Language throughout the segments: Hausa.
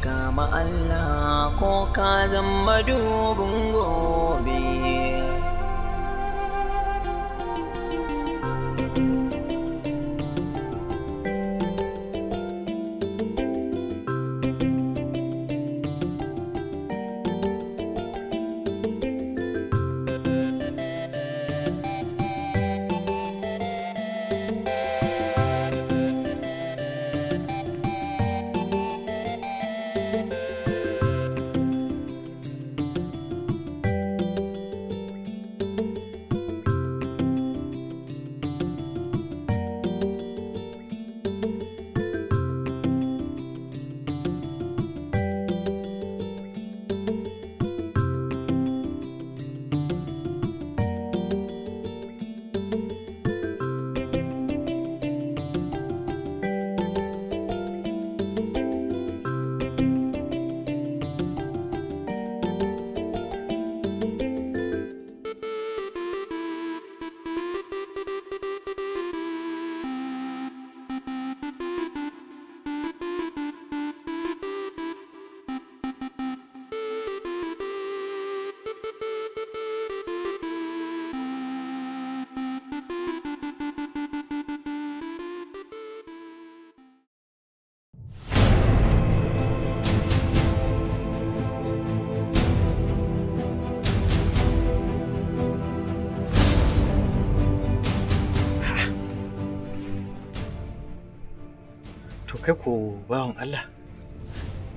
kama Allah ko ka zama dubin gobe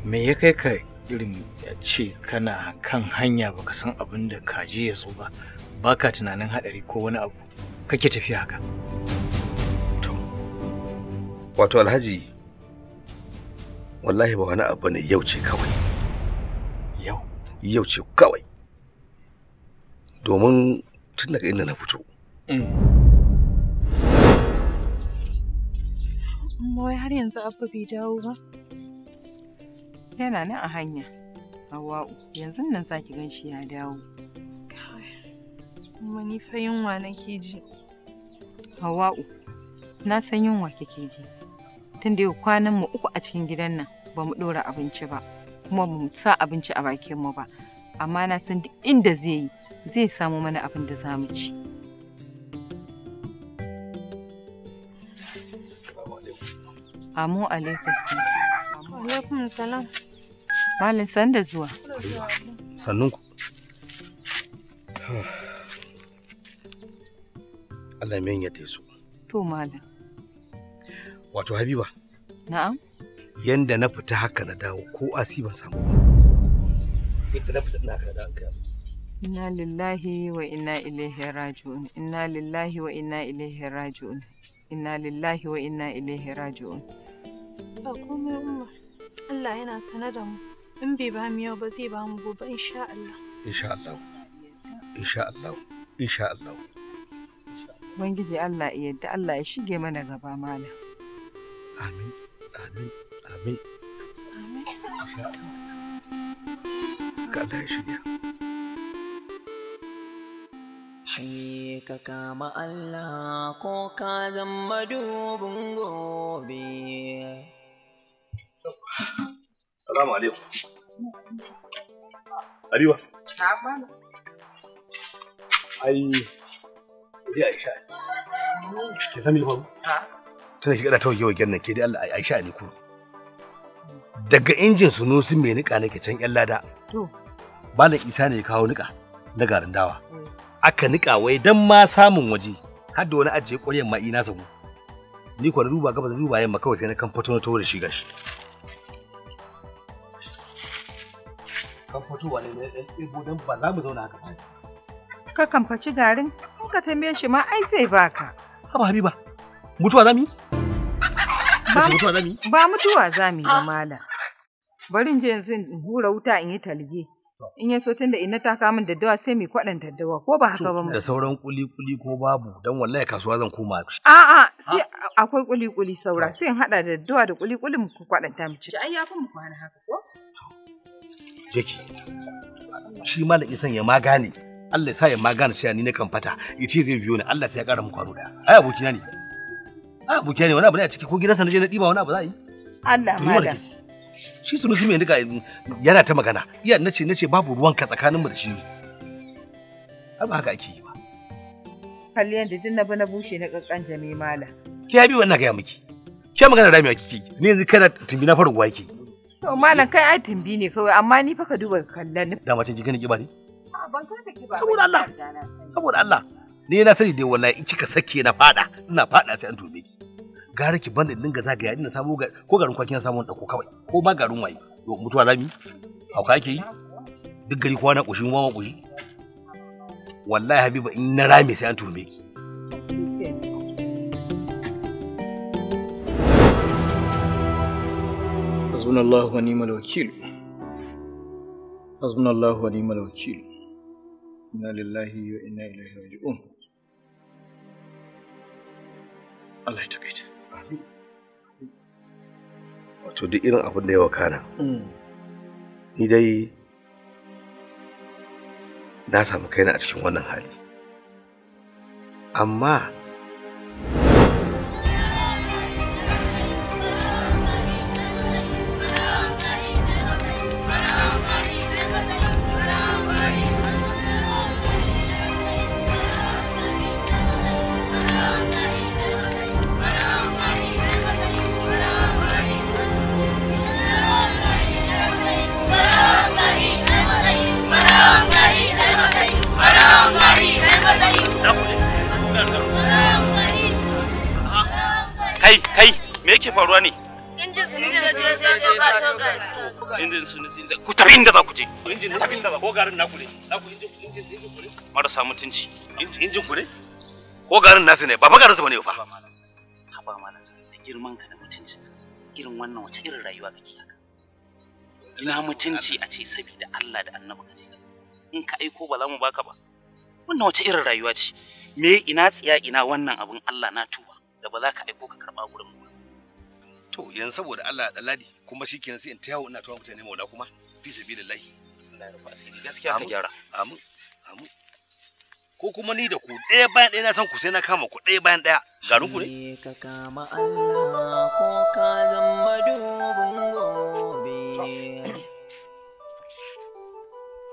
me ya kai ka irin ce kana kan hanya baka san abin da kaji ya zo ba baka tunanin haɗari ko wani abu kake tafiya haka wato alhaji wallahi ba wani abu ne yau ce kawai yau yau ce kawai domin tun daga inda na fito mm. wai har yanzu abu bai dawo ba yana nan a hanya hawa'u yanzu nan zaki ki gan shi ya dawo kuma ni fa yunwa nake ji hawa'u na san yunwa kike ji tun da kwanan mu uku a cikin gidan nan ba mu ɗora abinci ba kuma ba mu sa abinci a bakin mu ba amma na san duk inda zai yi zai samu mana abin da za mu ci Amu alaikum. Alaikum salam. Malin san da zuwa. Sannun ku. Allah men ya taiso. To malam. Wato Habiba. Na'am. Yanda na fita haka na dawo ko asi ban samu Yadda na fita ina ka da an Inna lillahi wa inna ilaihi raji'un. Inna lillahi wa inna ilaihi raji'un. Inna lillahi wa inna ilaihi raji'un. Ba komai Allah yana sanar da mu. in bai ba mu yau ba zai ba mu gobe insha Allah insha Allah insha Allah insha Allah ubangiji Allah ya yarda Allah ya shige mana gaba mana. amin amin amin amin ka Allah ya shige ka kama Allah ko ka zama dubin gobe. Salamu alaikum. Habiba. Ai, dai Aisha. Ki san me faru? Tana shiga da ta waje wajen nan ke dai Allah Aisha Daga injin su nusu mai nika nake can yan lada. To. Malam Isa ne ya kawo nika na garin dawa. Mm. Aka nika wai dan ma samun waje. Har da wani ajiye ƙwaryen ma ina sabu. Ni kuwa na duba gaba da duba yamma kawai sai na kan fito na tawo da shi gashi. kan wa ne da ɗebo don ba za mu zauna haka ba. Ka kamfaci garin, in ka tambaye shi ma ai zai baka. Haba Habiba, mutuwa za mu yi? mutuwa za mu yi? Ba mutuwa za mu yi ba malam. Bari in je yanzu in hura wuta in yi talge. In ya so tun tunda ina ta kamun daddawa sai mu kwaɗan daddawa ko ba haka ba mu. Da sauran kuli kuli ko babu dan wallahi kasuwa zan koma. A'a ah. sai akwai kuli kuli saura sai in haɗa daddawa da kuli kuli mu kwaɗanta mu ci. Ai ya fi mu kwana haka ko? jeki shi malam isan ya magane gane Allah sa ya ma shi cewa ni na kan fata ya zai biyo ni Allah sai ya kara muku kwaro da ai abokina ne ai abokina ne wani abu ne a ciki ko gidansa na je na diba wani abu za yi Allah da shi sunu su mai duka yana ta magana iya nace nace babu tsakanin mu da shi har ba haka ake yi ba kalli yanda duk na na bushe na kankan jami mala ke ya wannan ga miki ke magana rami kike ni yanzu kana tumbi na faruwa kike To malam kai ai tumbi ne kawai amma ni fa ka duba kalla ni. Da mace jikin kiba ne? A ban ka ta kiba. Saboda Allah. Saboda Allah. Ni na sani dai wallahi in kika sake na fada ina fada sai an tobe ki. Gara ki banda dinga zagaya ina samu ko garin kwaki na samu dako kawai ko ma garin waye. To mutuwa zami? Hauka ke yi? Duk gari kwana kushi ma kushi. Wallahi Habiba in na rame sai an tobe ki. حسبنا الله ونعم الوكيل حسبنا الله ونعم الوكيل إنا لله وإنا إليه راجعون Allah ya takaita. Amin. Wato duk irin abin da ya wakana. Mm. Ni dai na samu kaina a cikin wannan hali. Amma kai kai me yake faruwa ne injin sun ne injin su ne ku tafi inda za ku je injin tafi inda ba ko garin naku ne naku injin injin injin ku ne marasa mutunci injin ku ne ko garin nasu ne ba magarin garin su bane fa ba sa da girman ka da mutunci irin wannan wace irin rayuwa kake haka ina mutunci a ce saboda Allah da Annabi kaje in ka aiko ba za mu baka ba wannan wace irin rayuwa ce me ina tsiya ina wannan abun Allah na tuba da ba za ka aiko ka karɓa gurin ba. to yanzu saboda Allah da ladi kuma shi shikenan sai in ta yawo ina tawa mutane maula kuma fi sabi da lahi. gaskiya ka gyara amin amin ko kuma ni da ku ɗaya bayan ɗaya na san ku sai na kama ku ɗaya bayan ɗaya garin ku ne ka kama Allah ko ka zama dubin gobe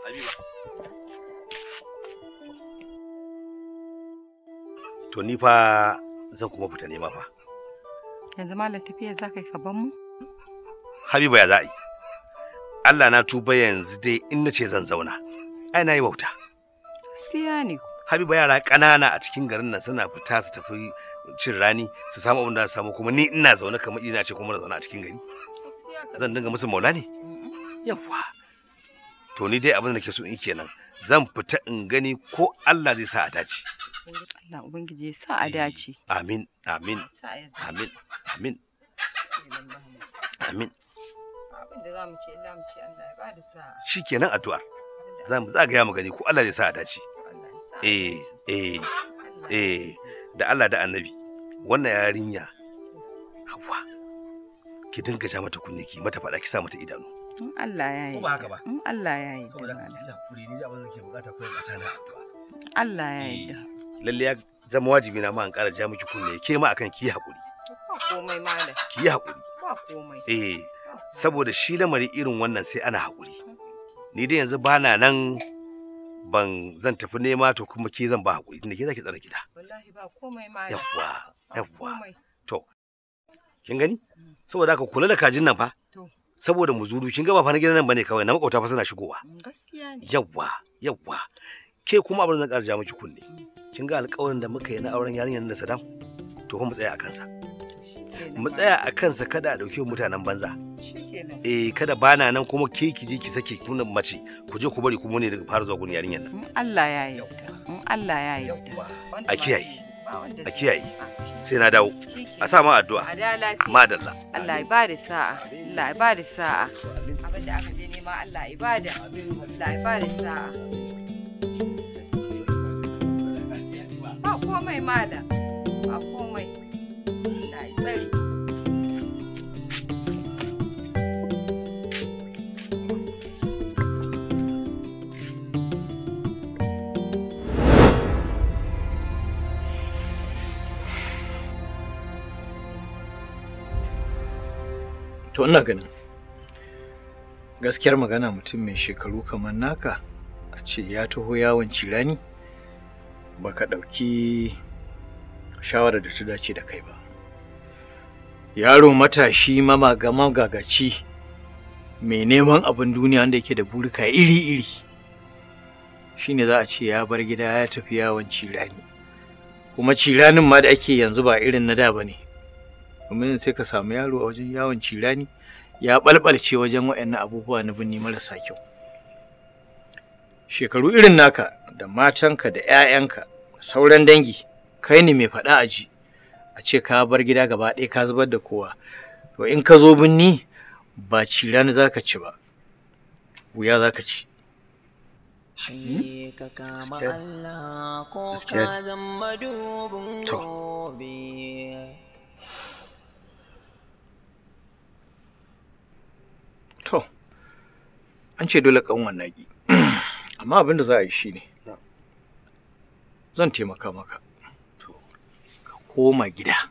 Habiba to ni fa zan kuma fita nema fa yanzu malam tafiya za ka yi ka mu habiba ya za yi Allah na tuba yanzu dai in na ce zan zauna ai na yi wauta gaskiya ne habiba yara ƙanana a cikin garin nan suna fita su tafi cin rani su samu abin da su samu kuma ni ina zaune kamar ina ce kuma na zaune a cikin gari zan dinga musu maula ne yawa to ni dai abin da ke so in kenan zan fita in gani ko Allah zai sa a dace Allah Ubangiji ya sa a eh, dace. Amin, amin, amin, amin. Amin. Abin da za mu ce, Allah mu ce Allah ya ba da Shi kenan addu'ar. Za mu zagaya mu gani ko Allah ya sa a eh, dace. Eh, eh, eh, da Allah da annabi. Wannan yarinya, hawa ki dinga ja mata kunne ki mata faɗa ki sa mata idanu. In Allah ya yi. Ko ba haka ba? In Allah ya yi. Saboda ni da abin da ke bukata ƙasa na addu'a. Allah ya eh, yi. lalle ya zama wajibi na ma an ƙara ja miki kunne ke ma akan ki hakuri ba komai mala ki hakuri ba komai eh saboda shi lamari irin wannan sai ana hakuri ni dai yanzu bana nan ban zan tafi nema to kuma ke zan ba hakuri tunda ke zaki tsara gida wallahi ba komai mala yawa yawa to kin gani saboda ka kula da kajin nan fa saboda muzuru kin ga ba fa na gidan nan bane kawai na makauta fa suna shigowa gaskiya ne yawa yawa ke kuma abin zan karja miki kunne kin ga alƙawarin da muka yi na auren yarinyar da Saddam to kuma mu tsaya a kansa mu tsaya a kansa kada a dauke mutanen banza eh kada bana nan kuma ke ki je ki sake kuna mace ku je ku bari ku ne daga fara zuwa gun yarinyar nan Allah ya yi Allah ya yi a kiyaye a kiyaye sai na dawo a sa ma addu'a madalla Allah ya ba da sa'a Allah ya ba da sa'a abin da aka je nema Allah ya ba da Allah ya ba da sa'a Ba komai To ina ganin gaskiyar magana mutum mai shekaru kamar naka ce ya taho yawon cirani baka ɗauki shawarar da ta dace da kai ba yaro matashi mamaga magagaci mai neman abin duniya wanda yake da burika iri-iri shine za a ce ya bar gida ya tafi yawon cirani kuma ciranin ma da ake yanzu ba irin na da ba ne domin sai ka samu yaro a wajen yawon cirani ya ɓalɓalce wajen waɗannan abubuwa na binni marasa kyau shekaru irin naka da matanka da 'ya'yanka sauran dangi kai ne mai faɗa a ji a ce ka bar gida gaba ɗaya ka zubar da kowa to in ka zo binni ba ci rana za ka ci ba wuya za ka ci hmm? to an ce dole kan wannan amma abin da za a yi shi ne zan taimaka maka ka koma gida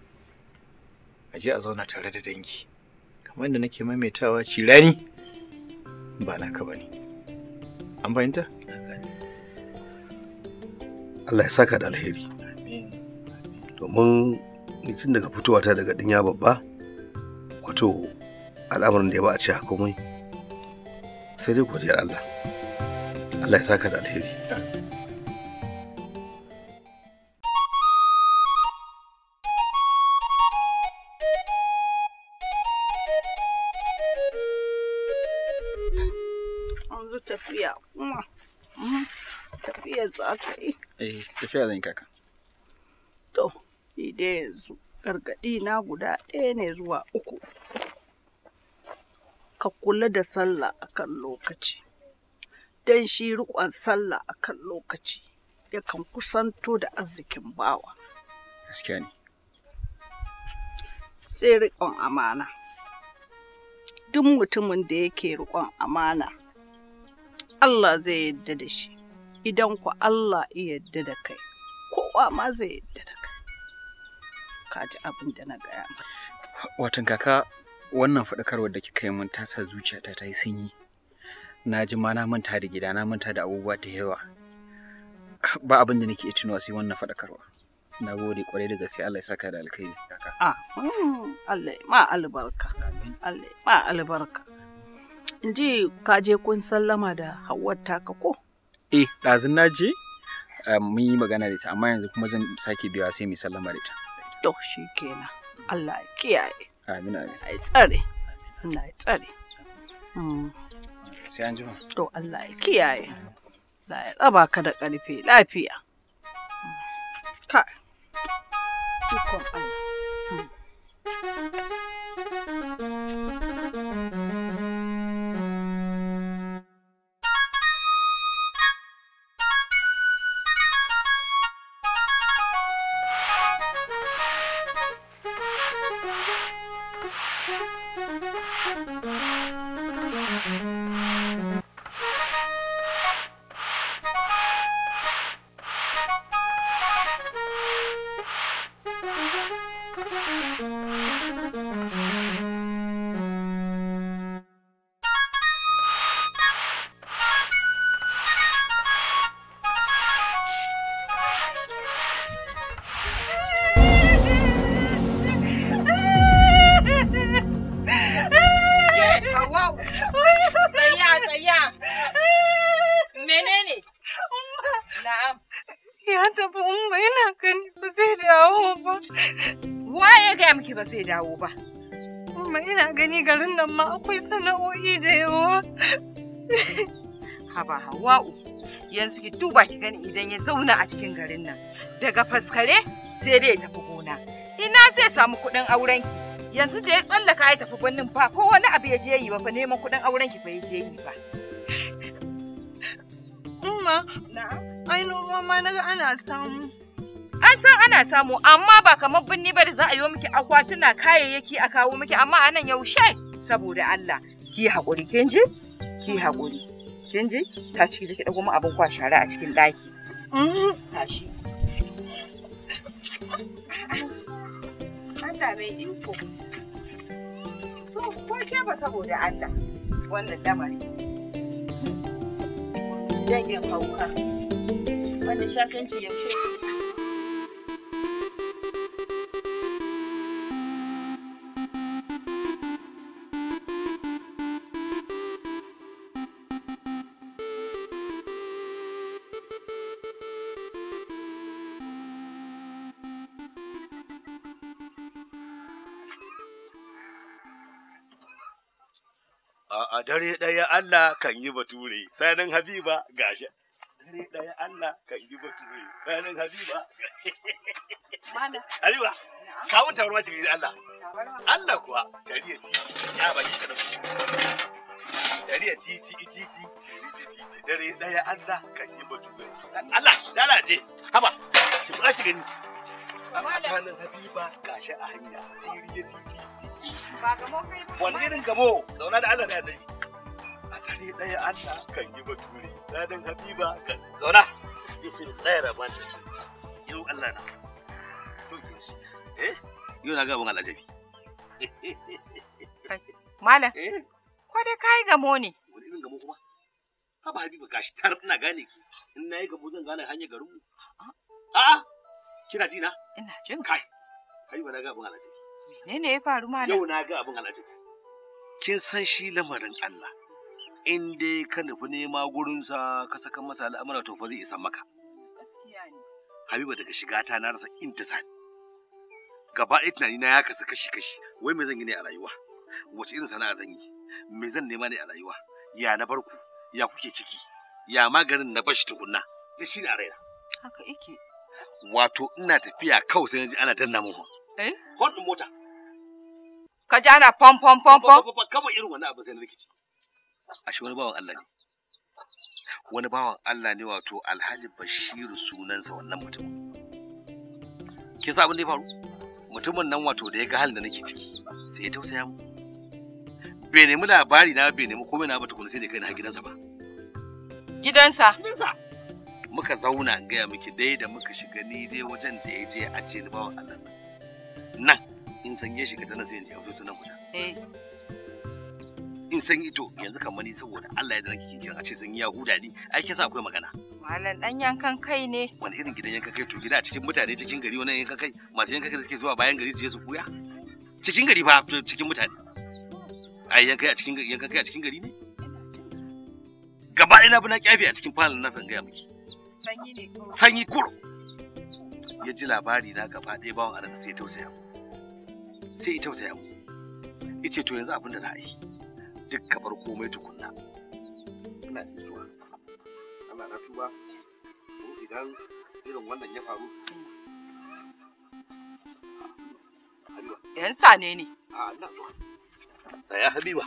a je a zauna tare da dangi kamar da nake maimaitawa cirani ba na ka bane an fahimta? Allah ya saka da alheri domin tun daga fitowa ta daga dinya babba wato al'amarin da ya ba a ce komai sai dai godiyar Allah. Allah ya saka da alheri tafiya yanzu gargaɗi na guda ɗaya ne zuwa uku ka kula da sallah kan lokaci Idan shi riƙon sallah a kan lokaci yakan kusanto da arzikin bawa. Gaskiya ne. Sai riƙon amana. Duk mutumin da yake riƙon amana, Allah zai yadda da shi, idan ku Allah iya yadda da kai, kowa ma zai yadda da kai. Ka ji abin da na gaya Watan kaka wannan faɗakarwar da kika yi mun ta sa zuciyata ta yi sanyi. na ji ma na manta da gida na manta da abubuwa ta yawa ba abin da nake tunawa sai wannan faɗakarwa na gode kwarai da gaske Allah ya saka da alkhairi a ah, mm, Allah ma albarka Allah ma albarka in ji ka je kun sallama da hawwata ka ko eh dazun na je eh, mun yi magana da ita amma yanzu kuma zan sake biya sai mu sallama da ita to shikenan Allah ya kiyaye amin amin ai tsare Allah ya tsare mm. sai an jima to Allah ya kiyaye Allah ya raba ka da ƙarfi lafiya ka Allah hmm. dawo ba. Kuma ina gani garin nan ma akwai sana'o'i da yawa. Haba Hawa'u, yanzu ki duba ki gani idan ya zauna a cikin garin nan. Daga faskare sai dai ya tafi gona. Ina zai samu kuɗin aurenki. Yanzu da ya tsallaka ya tafi birnin ba ko wani abu ya je yi ba fa neman kuɗin aurenki ba ya je yi ba. Umma, na, ai noma ma na ana samu. an san ana samu amma ba kamar binni ba da za a yi miki akwatuna kayayyaki a kawo miki amma anan yaushe saboda Allah ki haƙuri kin ji ki haƙuri kin ji ci ki dago mu abin kwa share a cikin daki mm-hmm. tashi Allah mai iko to ko ke ba saboda Allah wannan lamari dangin hauka wannan shakanci ya fi dare ɗaya Allah kan yi bature sanin habiba gashi dare ɗaya Allah kan yi bature sanin habiba habiba mun tawar ki da Allah Allah kuwa ya titi ya baki kana ya titi titi titi ci, dare ɗaya Allah kan yi bature Allah je, haba ki ba shi gani sanin habiba gashi a hanya kai titi wani irin gamo zauna da Allah da dabi. a dare ɗaya Allah kan yi bature ladan habiba kan zauna bismillahir rahmanir yau Allah na eh yau na ga abun alajabi malam eh? ko dai kai gamo ne wani irin gamo kuma Haba Habiba gashi tar ina gane ki in nayi gamo zan gane hanyar garin mu a'a kina ji na ina jin kai Habiba na ga abin alajabi menene ya faru mala yau na ga abun alajabi kin san shi lamarin Allah in dai ka nufi nema gurinsa ka saka masa al'amura to fa zai isa maka habiba daga shiga ta na rasa in gaba ɗaya tunani na ya kasu kashi kashi wai me zan yi ne a rayuwa wace irin sana'a zan yi me zan nema ne a rayuwa ya na barku ya kuke ciki ya maganin na bashi tukunna Zai shi ne a raina haka yake wato ina tafiya kawai sai na ji ana danna mu eh hon mota ka ji ana pom pom pom pom kama irin wani abu sai na rikici ashe wani bawan Allah ne wani bawan Allah ne wato Alhaji Bashiru sunansa wannan mutum ke sa abin da ya faru mutumin nan wato da ya ga halin da nake ciki sai ya tausaya mu bai nemi labari na bai nemi komai na ba tukuna sai da kai na gidansa ba gidansa gidansa muka zauna gaya miki dai da muka shiga ni dai wajen da ya je a ce ni bawan Allah nan in san ya shiga tana sai ya fito nan guda eh. in san ito yanzu kamar ni saboda Allah ya da nake kinkin a ce san ya huda ni ai kisa akwai magana malam dan yankan kai ne wani irin gidan yankan kai to gida a cikin mutane cikin gari wannan yankan kai masu yankan kai da suke zuwa bayan gari su je su kuya cikin gari fa cikin mutane ai yankan kai a cikin yankan kai a cikin gari ne gaba ɗaya na bi a cikin falon na san gaya miki sanyi ne sanyi kuro ya ji labari na gaba ɗaya bawan adana sai tausaya mu sai tausaya mu ice to yanzu abin da za a yi duk ka komai tukunna ina da zuwa Allah na tuba ko idan irin wannan ya faru yan sane ne a na zuwa da ya habiba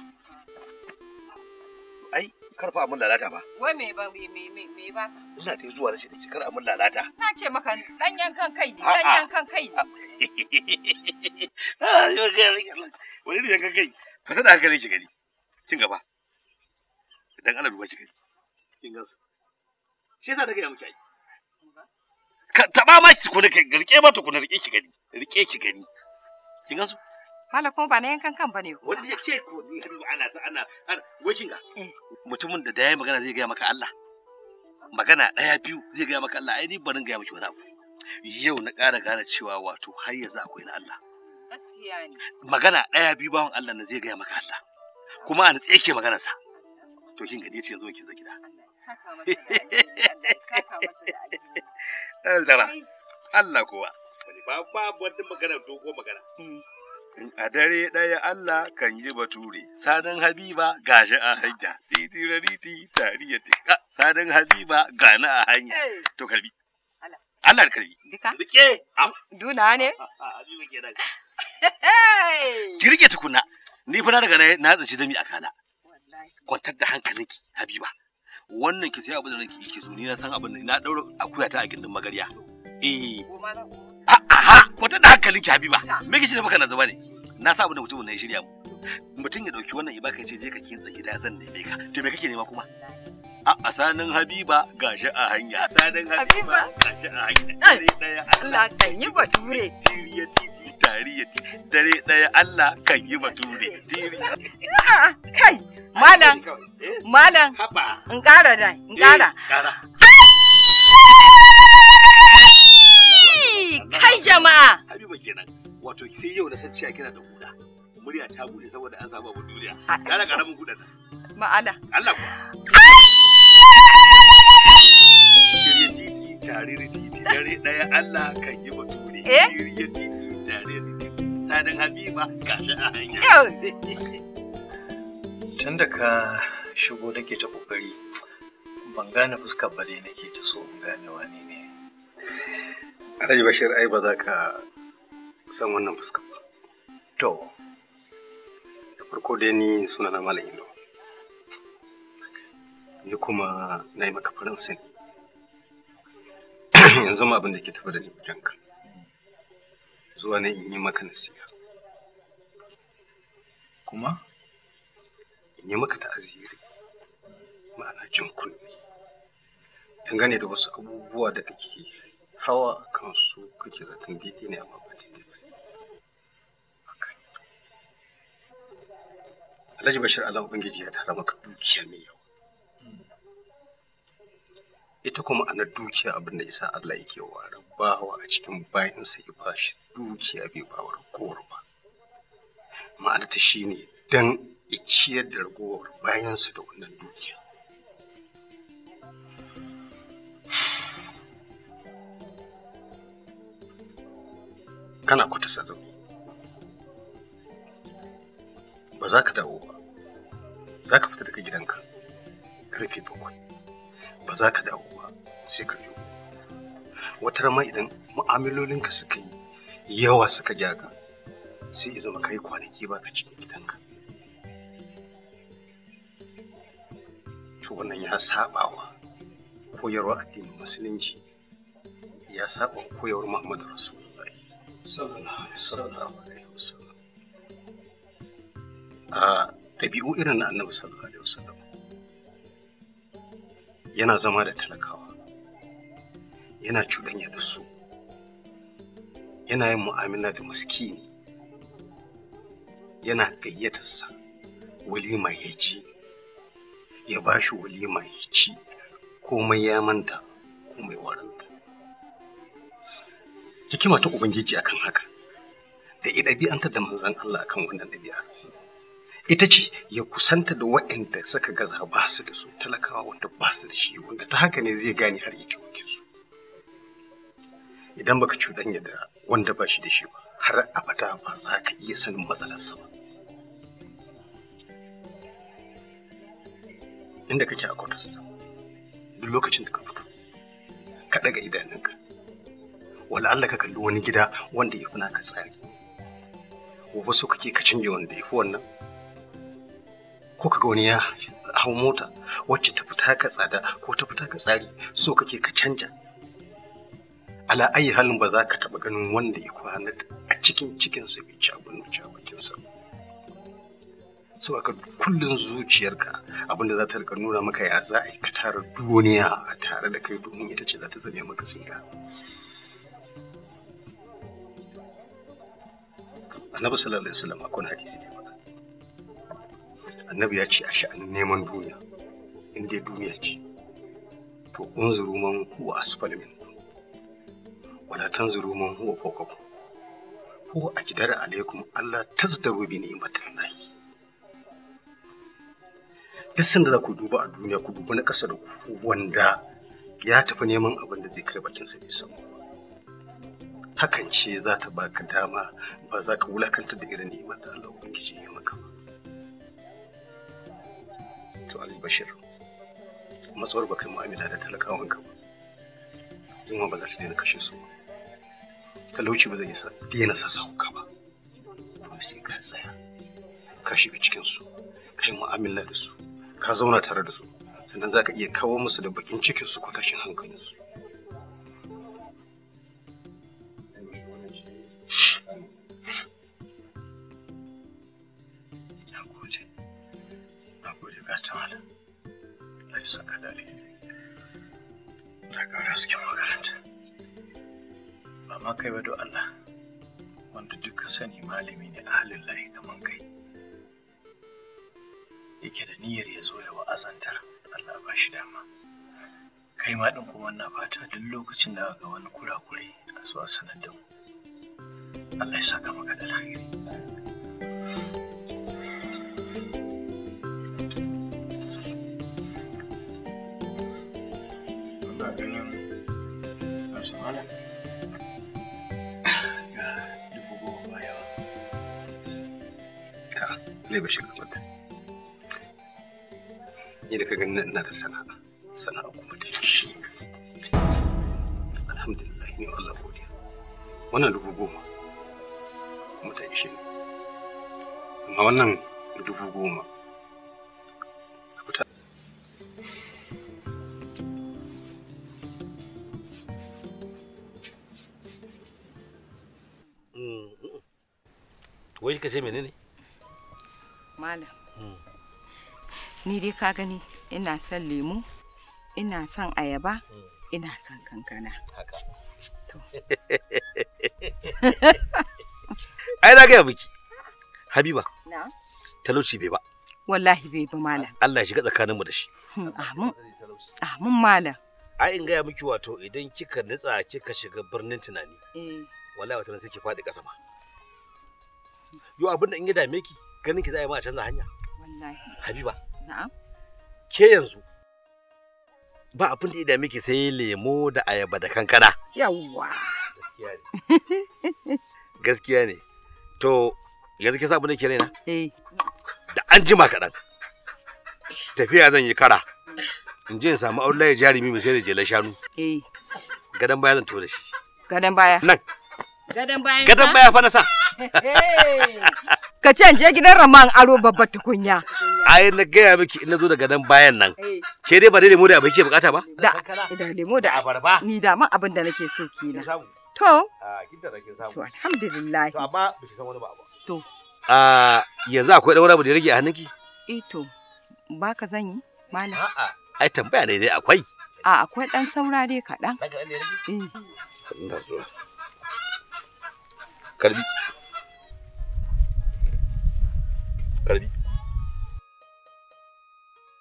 ai kar fa mun lalata ba wai me ba me me me ba ina ta zuwa da shi dake kar mun lalata na ce maka dan yankan kai ne dan yankan kai ne ah yo ga ni wani ne yankan kai ka sada ka hankali shi gani cin gaba idan ana duba cikin kin gansu shi yasa daga ya muke ai ka taba ma shi ku ne rike mata ku ne rike ki gani rike ki gani kin gansu Mala kuma ba na yankan kan bane ko. Wani ce ko ni har ana sa ana wakin ga. Eh. Mutumin da da yayi magana zai gaya maka Allah. Magana daya biyu zai gaya maka Allah ai ni barin gaya maka wani abu. Yau na ƙara gane cewa wato har yanzu akwai na Allah. Gaskiya ne. Magana daya biyu bawon Allah na zai gaya maka Allah. kuma a natsa yake maganar sa to kin gani ce yanzu ki zo gida Allah Allah kowa ba ba wata magana to ko magana a dare ɗaya Allah kan yi bature sadan habiba gashi a hanya titi rariti tariya tika ah, sadan habiba gani a hanya to karbi Allah da karbi duka duke duna ne ah, ah, ki rike tukunna ni fa na daga na tsaci dami a kana kwantar da hankalinki habiba wannan ki sai abin da nake yake so ni na san abin na daura akuya ta a gindin magarya eh ha ha kwantar da hankalinki habiba me kici da baka na zuba ne na sa abin da mutum na shirya mu mutum ya dauki wannan ibaka ce je ka kintsa gida zan neme ka to me kake nema kuma a asanin habiba gashi a hanya asanin habiba gashi a hanya dare daya Allah kan yi bature tiriya titi tariya dare daya Allah kan yi bature tiriya kai malam eh? malam in kara da in kara eh, kai jama'a habiba kenan wato sai yau na san cewa kina da hula murya ta bude saboda an samu abin duniya. da karamin kuɗa ta. Ma'ana. Allah ku. Shirya titi tariri titi dare ɗaya Allah kan yi bature. Eh? Shirya titi tariri titi. Sadan Habiba gashi a hanya. Can da ka shigo nake ta kokari ban gane fuskar dai nake ta so in gane wani ne. Alhaji Bashir ai ba za ka san wannan fuskar ba. To, farko dai ni suna na malam indo ni kuma na yi maka farin sani yanzu ma abin da ke tafi da ni wajenka zuwa na in yi maka nasiha kuma in yi maka ta'aziri ma'ana jin kunne dangane da wasu abubuwa da kake hawa kansu kake zaton daidai ne amma ba daidai Alhaji Bashir Allah Ubangiji ya tara maka dukiya mai yawa. Ita kuma ana dukiya abin da isa Allah yake wa rabawa a cikin bayansa ya ba shi dukiya bai ba wa ragowar ba. ta shi ne dan iciyar da ragowar bayansa da wannan dukiya. Kana kwata sa zaune. ba za ka dawo ba za ka fita daga gidanka karfe bakwai ba za ka dawo ba sai ka biyo wata rama idan mu'amalolinka suka yi yawa suka jaga sai ya zama kai kwanaki ba ka cikin gidanka to wannan ya sabawa koyarwar addinin musulunci ya saba koyarwar Muhammadu Rasulullahi sallallahu alaihi wasallam a ɗabi'u irin na annabi sallallahu alaihi yana zama da talakawa yana cuɗanya da su yana yin mu'amala da maskini yana gayyatarsa walima ya ci ya ba shi walima ya ci komai ya manta komai waranta hikima ta ubangiji akan haka da ɗabi'antar da manzon Allah akan wannan ɗabi'a. ita ce ya kusanta da waɗanda suka gaza ba su da su talakawa wanda ba su da shi wanda ta haka ne zai gane har ita wake su idan baka cuɗanya da wanda ba shi da shi ba har abada ba za ka iya sanin matsalarsa ba inda kake a kwatas duk lokacin da ka fito ka ɗaga idanunka wala Allah ka kalli wani gida wanda ya fi naka tsari gobe so kake ka canje wanda ya fi wannan ko kaga wani ya hau mota wacce ta fita ka tsada ko ta fita ka tsari so kake ka canja ala ayi halin ba za ka taba ganin wanda ya kwana a cikin cikin su bai ci abin da bakin sa so aka kullun zuciyarka abinda za ta rika nuna maka ya za a yi ka tara duniya a tare da kai domin ita ce za ta zame maka tsira annabi sallallahu alaihi wasallam akwai hadisi ne annabi ya ce a sha'anin neman duniya in dai duniya ce to kun zuru man huwa asfal min wala tanzuru man huwa fawqakum a kidar alaikum Allah tazdaru bi ni'matillahi duk sanda za ku duba a duniya ku duba na ƙasa da ku wanda ya tafi neman abin da zai kai bakin sa bai hakan ce za ta baka dama ba za ka wulakanta da irin ni'imar da Allah ubangiji ya maka ba to albashir Bashir matsawar ba kai mu'amala da talakawan ka kuma ba za ta daina kashe su talauci ba zai sa daina sa sa ka ba kuma sai ka tsaya ka shiga cikin su kai mu'amala da su ka zauna tare da su sannan za ka iya kawo musu da bakin cikin su ko tashin hankalin su ya tamam. Allah ya saka da alheri. Na ƙara hasken makaranta. Ba kai ba don Allah wanda duka sani malami ne a halin layi kamar kai. Yake da niyyar ya zo ya wa'azantar Allah ba shi dama. Kai ma ɗin kuma na fata duk lokacin da ga wani kurakurai a zuwa sanar da mu. Allah ya saka maka da alheri. zai bashi kamata ni da ka gani ina da sana'a sana'a kuma da shi alhamdulillah ne Allah godiya wannan dubu goma mata ishe ne dubu mm, mm. ne? malam hmm. ni dai ka gani ina son lemu ina son ayaba hmm. ina son kankana ai na gaya miki habiba talauci bai ba wallahi bai ba malam Allah ya shiga tsakaninmu da shi hmm, amin amin malam ai in gaya miki wato idan kika nutsa kika shiga birnin tunani eh. wallahi wata sai ki faɗi ƙasa ma yo abin da in ya dame ki ganin ki za a yi ma a canza hanya wallahi habiba na'am ke yanzu ba abin da ya dame ki sai lemo da ayaba da kankana yawwa gaskiya ne gaskiya ne to yanzu kisa abin da ke raina eh. da an jima kaɗan tafiya zan yi kara in je in samu aulaye jarumi mu sai da jelar shanu eh. gadon baya zan to da shi gadon baya nan gadon baya gadon baya fa na sa ka ce je gidan raman aro babba tukunya ai na gaya miki in zo daga nan bayan nan eh. ke dai ba dai lemo da abin ke bukata ba da da lemo da abarba ni da man abin da nake so na to a ah, kinta da samu to alhamdulillah to amma biki san wani ba ba to a ah, yanzu akwai dan wani da ya rage a hannunki eh to ka zan yi mana a'a ai tambaya ne dai akwai a akwai dan saura dai kaɗan daga ne rage eh karbi karbi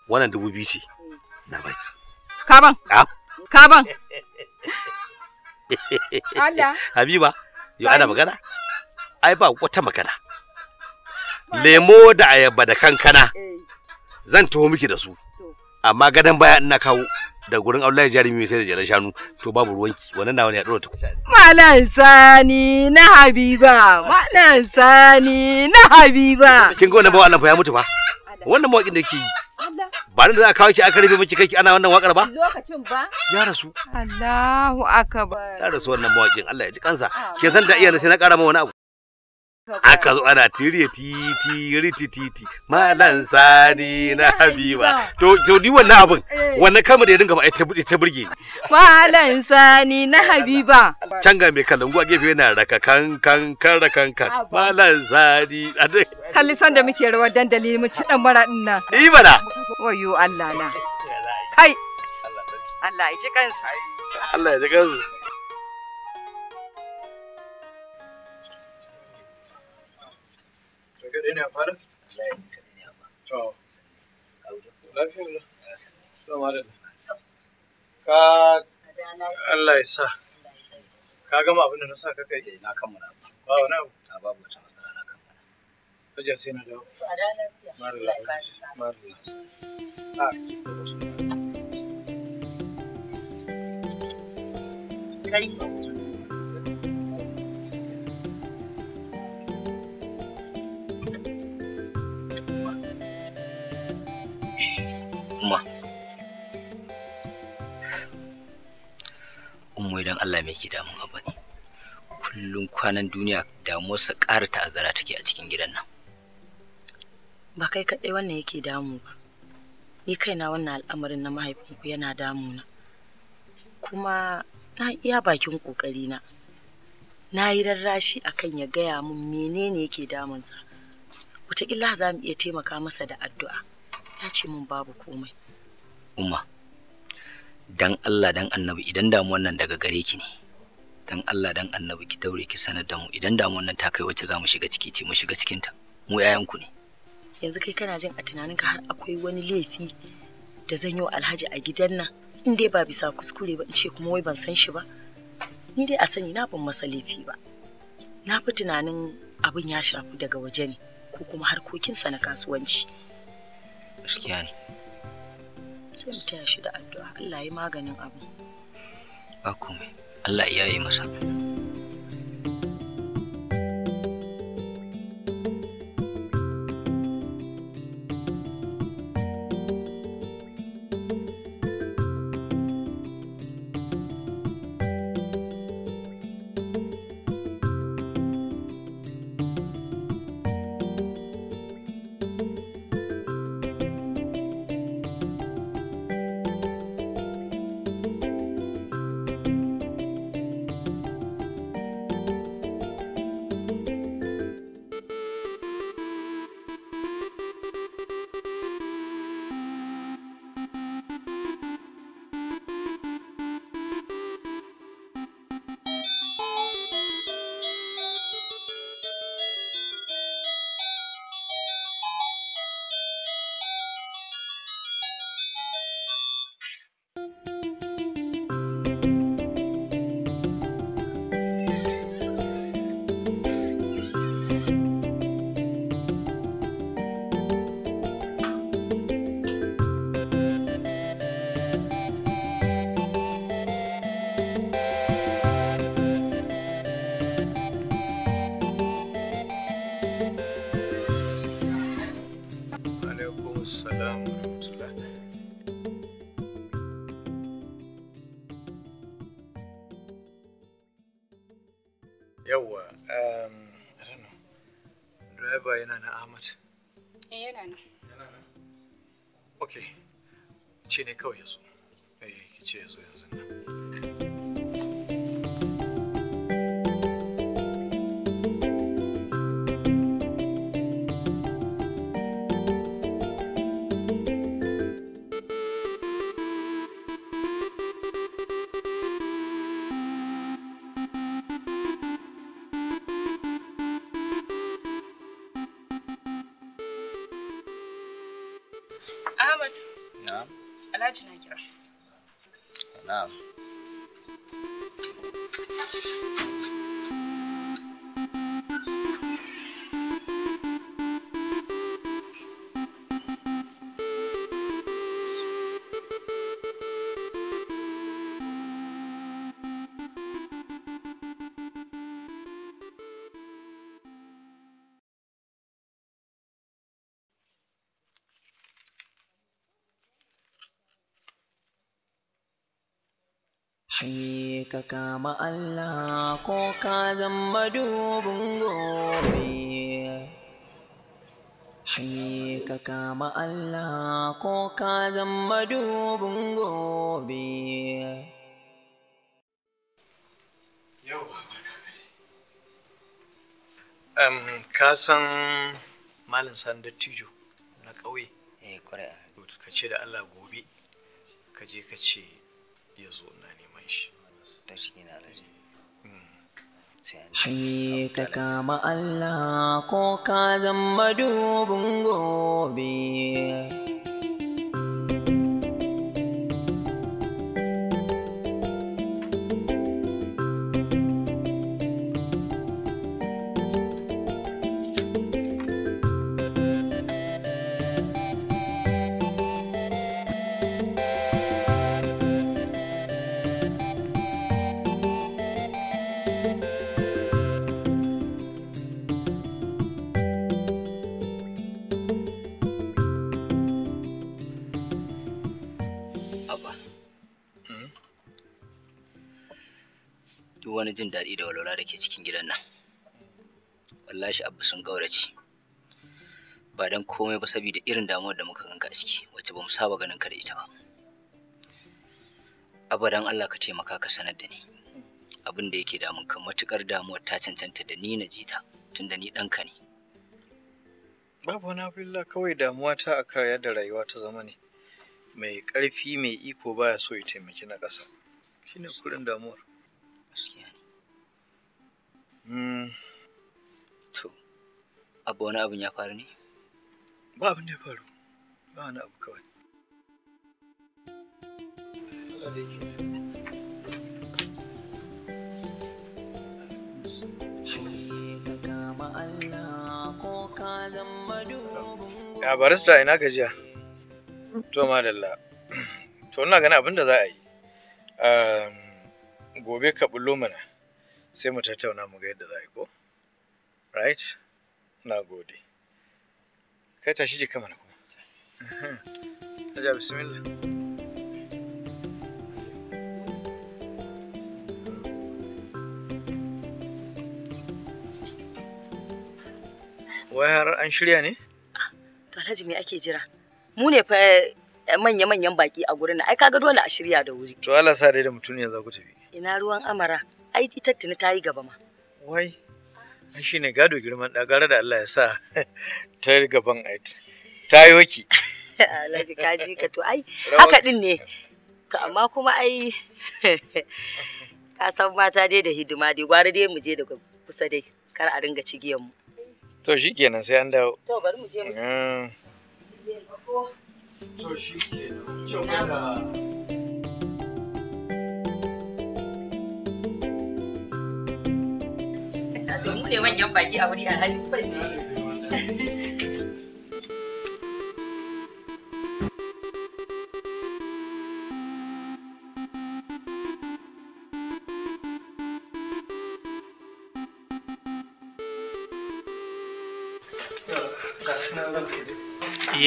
wannan dubu biyu ce na baki kaban ah. kaban Allah Habiba yau ana magana ai ba wata magana lemo da ayaba da kankana eh. zan taho miki da su amma gadon baya ina kawo da gurin Abdullahi Jarumi sai da jalan shanu to babu ruwanki wannan na wani ya dora ta Malam Sani na Habiba Malam Sani na Habiba kin ga wannan ba Allah fa ya mutu fa wannan mawakin da yake yi ba da za a kawo ki aka rufe miki kai ana wannan wakar ba lokacin ba ya rasu Allahu akbar ya rasu wannan mawakin Allah ya ji kansa ah. ke san da iyana sai na kara ma wani abu aka zo ana tiri titi riti titi malan sani na habiba to to ni wannan abin eh. wannan kama da ya dinga ba ta burge malan sani na habiba canga mai kalangu a gefe yana raka kan kan kan rakan kan malan sani kalli san da muke rawar dandali mu ci dan mara din nan yi bala wayo Allah na kai Allah ya ji kansa Allah ya ji kansa kaɗai ne Allah ya sa. Ka gama abin da na sa ka kai? Eh, na kammala. Ba wani abu? babu wata matsala na kammala. sai na dawo. To a da lafiya. umma umma idan Allah mai ke damun abu ne kullum kwanan duniya damuwarsa ƙara ta'azzara take a cikin gidan nan ba kai kaɗai wannan yake damu ba ni kaina wannan al'amarin na mahaifinku yana damuna kuma na iya bakin ƙoƙarina na yi rarrashi kan ya gaya mun menene yake damunsa wataƙila za mu iya taimaka masa da addu'a Ya ce min babu komai umma dan Allah dan annabi idan damu nan daga gare ki ne dan Allah dan annabi ki daure ki sanar da mu idan damu nan ta kai wacce za mu shiga ciki ce mu shiga cikin mu yayanku ne yanzu kai kana jin a tunaninka har akwai wani laifi da zan yi wa alhaji a gidan nan in dai ba bisa kuskure ba in ce kuma wai ban san shi ba ni dai a sani na ban masa laifi ba na fi tunanin abin ya shafi daga waje ne ko kuma harkokinsa na kasuwanci gaskiya ne sai mu taya shi da addu'a Allah ya maganin abu ba komai Allah ya yi masa ce ne kawai ya Haika ka kama Allah ko ka zama dubin gobe. Haika ka kama Allah ko ka zama dubin gobe. Um, ka san Malam Sani Dattijo na ƙauye. Eh, ƙwarai. Ka ce da Allah gobe, ka je ka ce ya zo na Shi kama Allah ko ka zama dubin gobe. cikin gidan nan wallahi abu sun gaurace ba dan komai ba saboda irin damuwar da muka ganka a ciki wacce ba mu saba ganin ka da ita ba abadan Allah ka taimaka ka sanar da ni abin da yake damun ka matukar damuwar ta cancanta da ni na ji ta tunda ni ɗanka ne babu wani abin kawai damuwa ta a karya da rayuwa ta zama ne mai ƙarfi mai iko baya so ya taimaki na ƙasa shine kurin damuwar gaskiya Hmm. To, abu wani abin ya faru ne? Ba abin da ya faru, ba wani abu kawai. Ya barista ina gajiya. To madalla. To ina gani abin da za a yi. Ehm, gobe ka bullo mana. sai mu tattauna mu ga yadda za a yi ko right na gode kai tashi kama na kuma Hajiya bismillah wai har an shirya ne? To Alhaji me ake jira? Mu ne fa eh, manya-manyan baki a gurin ai kaga dole a shirya da wuri. To Allah sa dai da mutum ya za ku tafi. Ina ruwan amara ai ita ta yi gaba ma wai ai ne, gado girman da gara da Allah ya sa ta yi gaban aiki. ta yi waki Alhaji ka ji ka to ai haka din ne to amma kuma ai ka san mata dai da hidima dai gwara dai mu je daga kusa dai kar a ringa cigiyan mu to nan sai an dawo to bari mu je mu mm. to to a wuri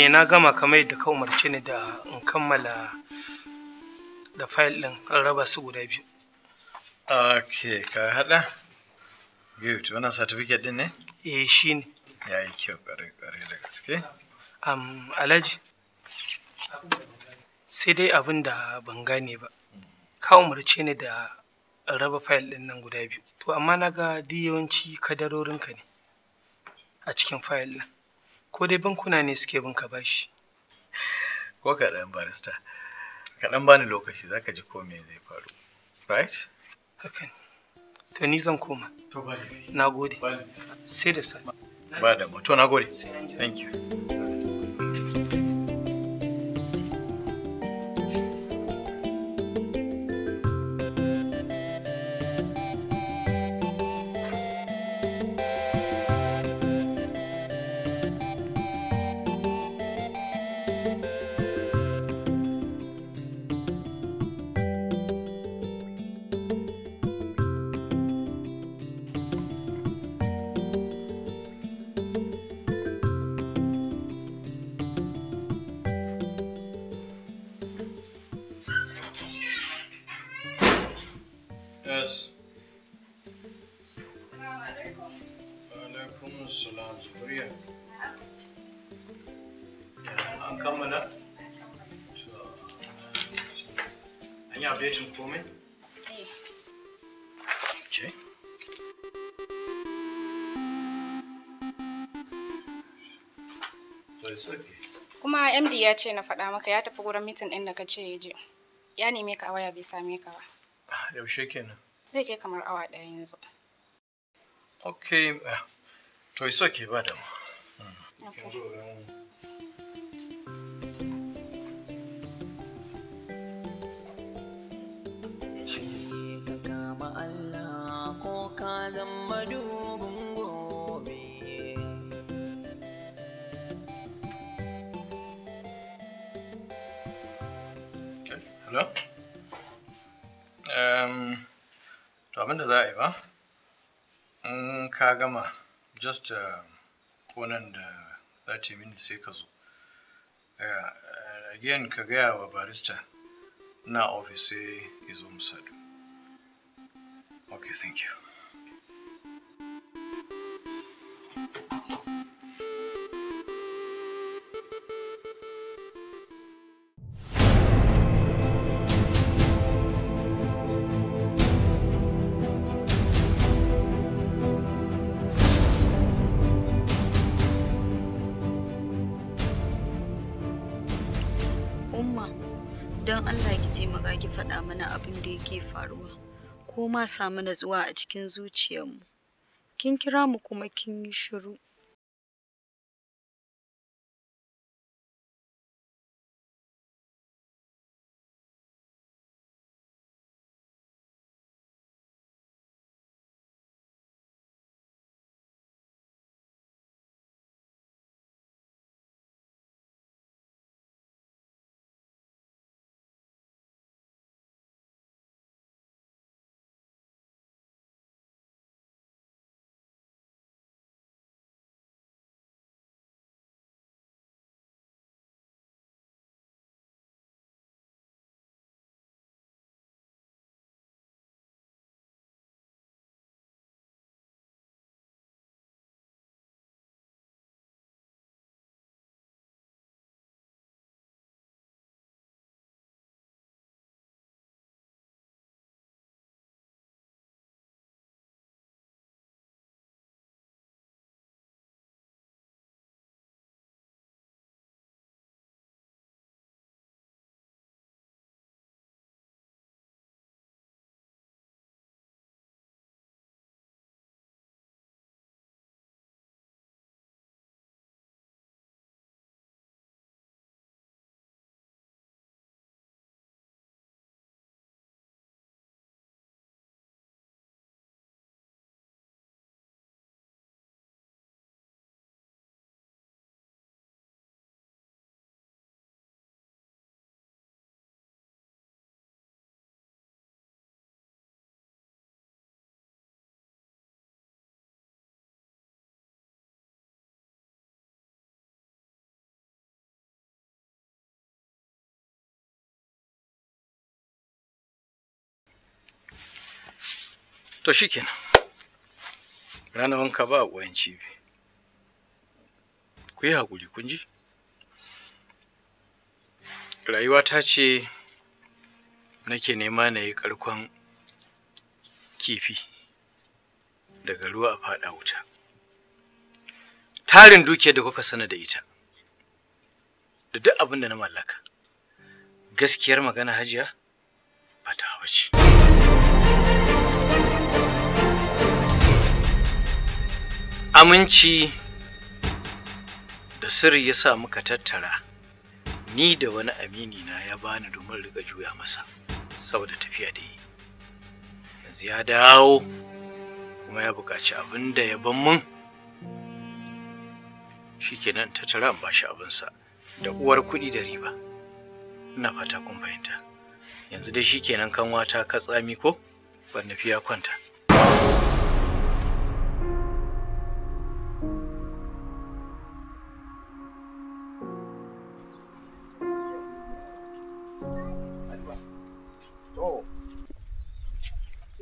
na gama kamar yadda ka umarci ni da in kammala da fayil ɗin raba su guda biyu. Ok, ka haɗa? Good, wannan certificate din ne? Eh, shi ne. Ya yi kyau ƙware-ƙware da gaske. Alhaji, sai dai abin da ban gane ba. Ka umarce ni da raba fayil ɗin nan guda biyu. To, amma na ga duk yawanci kadarorinka ne a cikin fayil ɗin. Ko dai bankuna ne suke bin ka bashi. Ko kaɗan barista, kaɗan bani lokaci za ka ji ko me zai faru. Right? Hakan. Okay. To ni zan koma. To ba Na gode. Sai da sa. Ba da to na gode. Thank you. Kuma MD ya ce na faɗa maka ya tafi gurin mitin ɗin da ka ce ya je. Ya neme ka waya bai same ka ba. Ah, yaushe kenan? Zai kai kamar awa ɗaya yanzu. Okay, ah, to ba da mu. Hmm. Okay. zan madubin gobe Hello? Um, to da za a yi ba? In ka gama, just uh, eh, konan da 30 minutes sai ka zo. Eh, again ka gaya wa barista na ofis sai ya zo mu Okay, thank you. yake faruwa ko ma samu natsuwa a cikin zuciyarmu. Kin kira mu kuma kin yi shiru. to shi kenan, ranar wanka ba a ƙoyan cibi ku yi haƙuri kun ji rayuwa ta ce nake nema na yi ƙarkon kifi daga ruwa a faɗa wuta tarin dukiyar da kuka sana da ita da duk abin da na mallaka gaskiyar magana hajiya ba ta hawa ce aminci da sirri ya sa muka tattara ni da wani amini na ya bani domin riga juya masa saboda tafiya da yi yanzu ya dawo kuma ya buƙaci abin da ya ban mun shikenan tattara in shi abinsa da uwar kuɗi da riba ina fata kun fahimta yanzu dai shikenan kanwa ta katsami ko ban fiya kwanta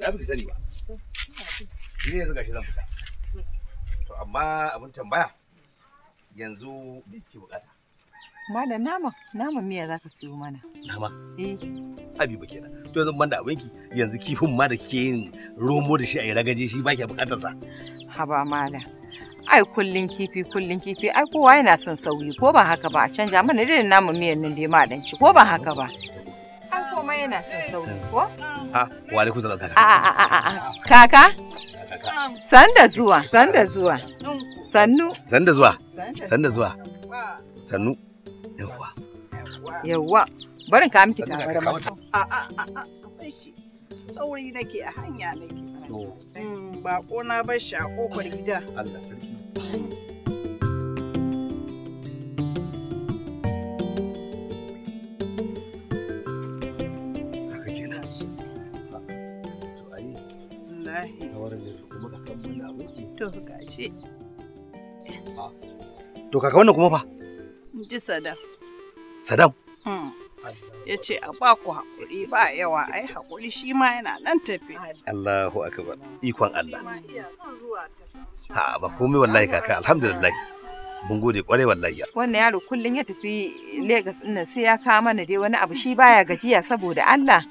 ai baki sani ba ne yanzu gashi zan fita to amma abin tambaya yanzu me kike bukata mana nama, nama miya za ka siyo mana. Nama? Eh. abi Habiba kenan. To yanzu banda ki yanzu kifin ma da kike yin romo da shi a ragaje shi ba ki bukatar sa. ha ba malam. Ai kullun kifi kullun kifi ai kowa yana son sauyi ko ba haka ba a canja mana irin nama miyan nan dai ma dan ci ko ba haka ba. komai yana son ko? A ah, wa alaikum salam kaka. A ah, a ah, a a kaka? zuwa, sanda zuwa. Sannu. Sanda zuwa. Sanda zuwa. Sannu. Yawwa. Yawwa. Barin ka miki tabar a A a a a. Sauri nake a hanya nake. Mm, Bako na bar a kofar gida. Allah sarki. kuma ka kan wani to ah. to kaka wannan kuma fa ji sadam sadam hmm. ya ce a ba ku haƙuri ba yawa ai haƙuri shi ma yana nan tafi Allahu akbar ikon Allah ha ba komai wallahi kaka alhamdulillah mun gode kwarai wallahi wannan yaro kullun ya tafi Lagos din sai ya kawo mana dai wani abu shi baya gajiya saboda Allah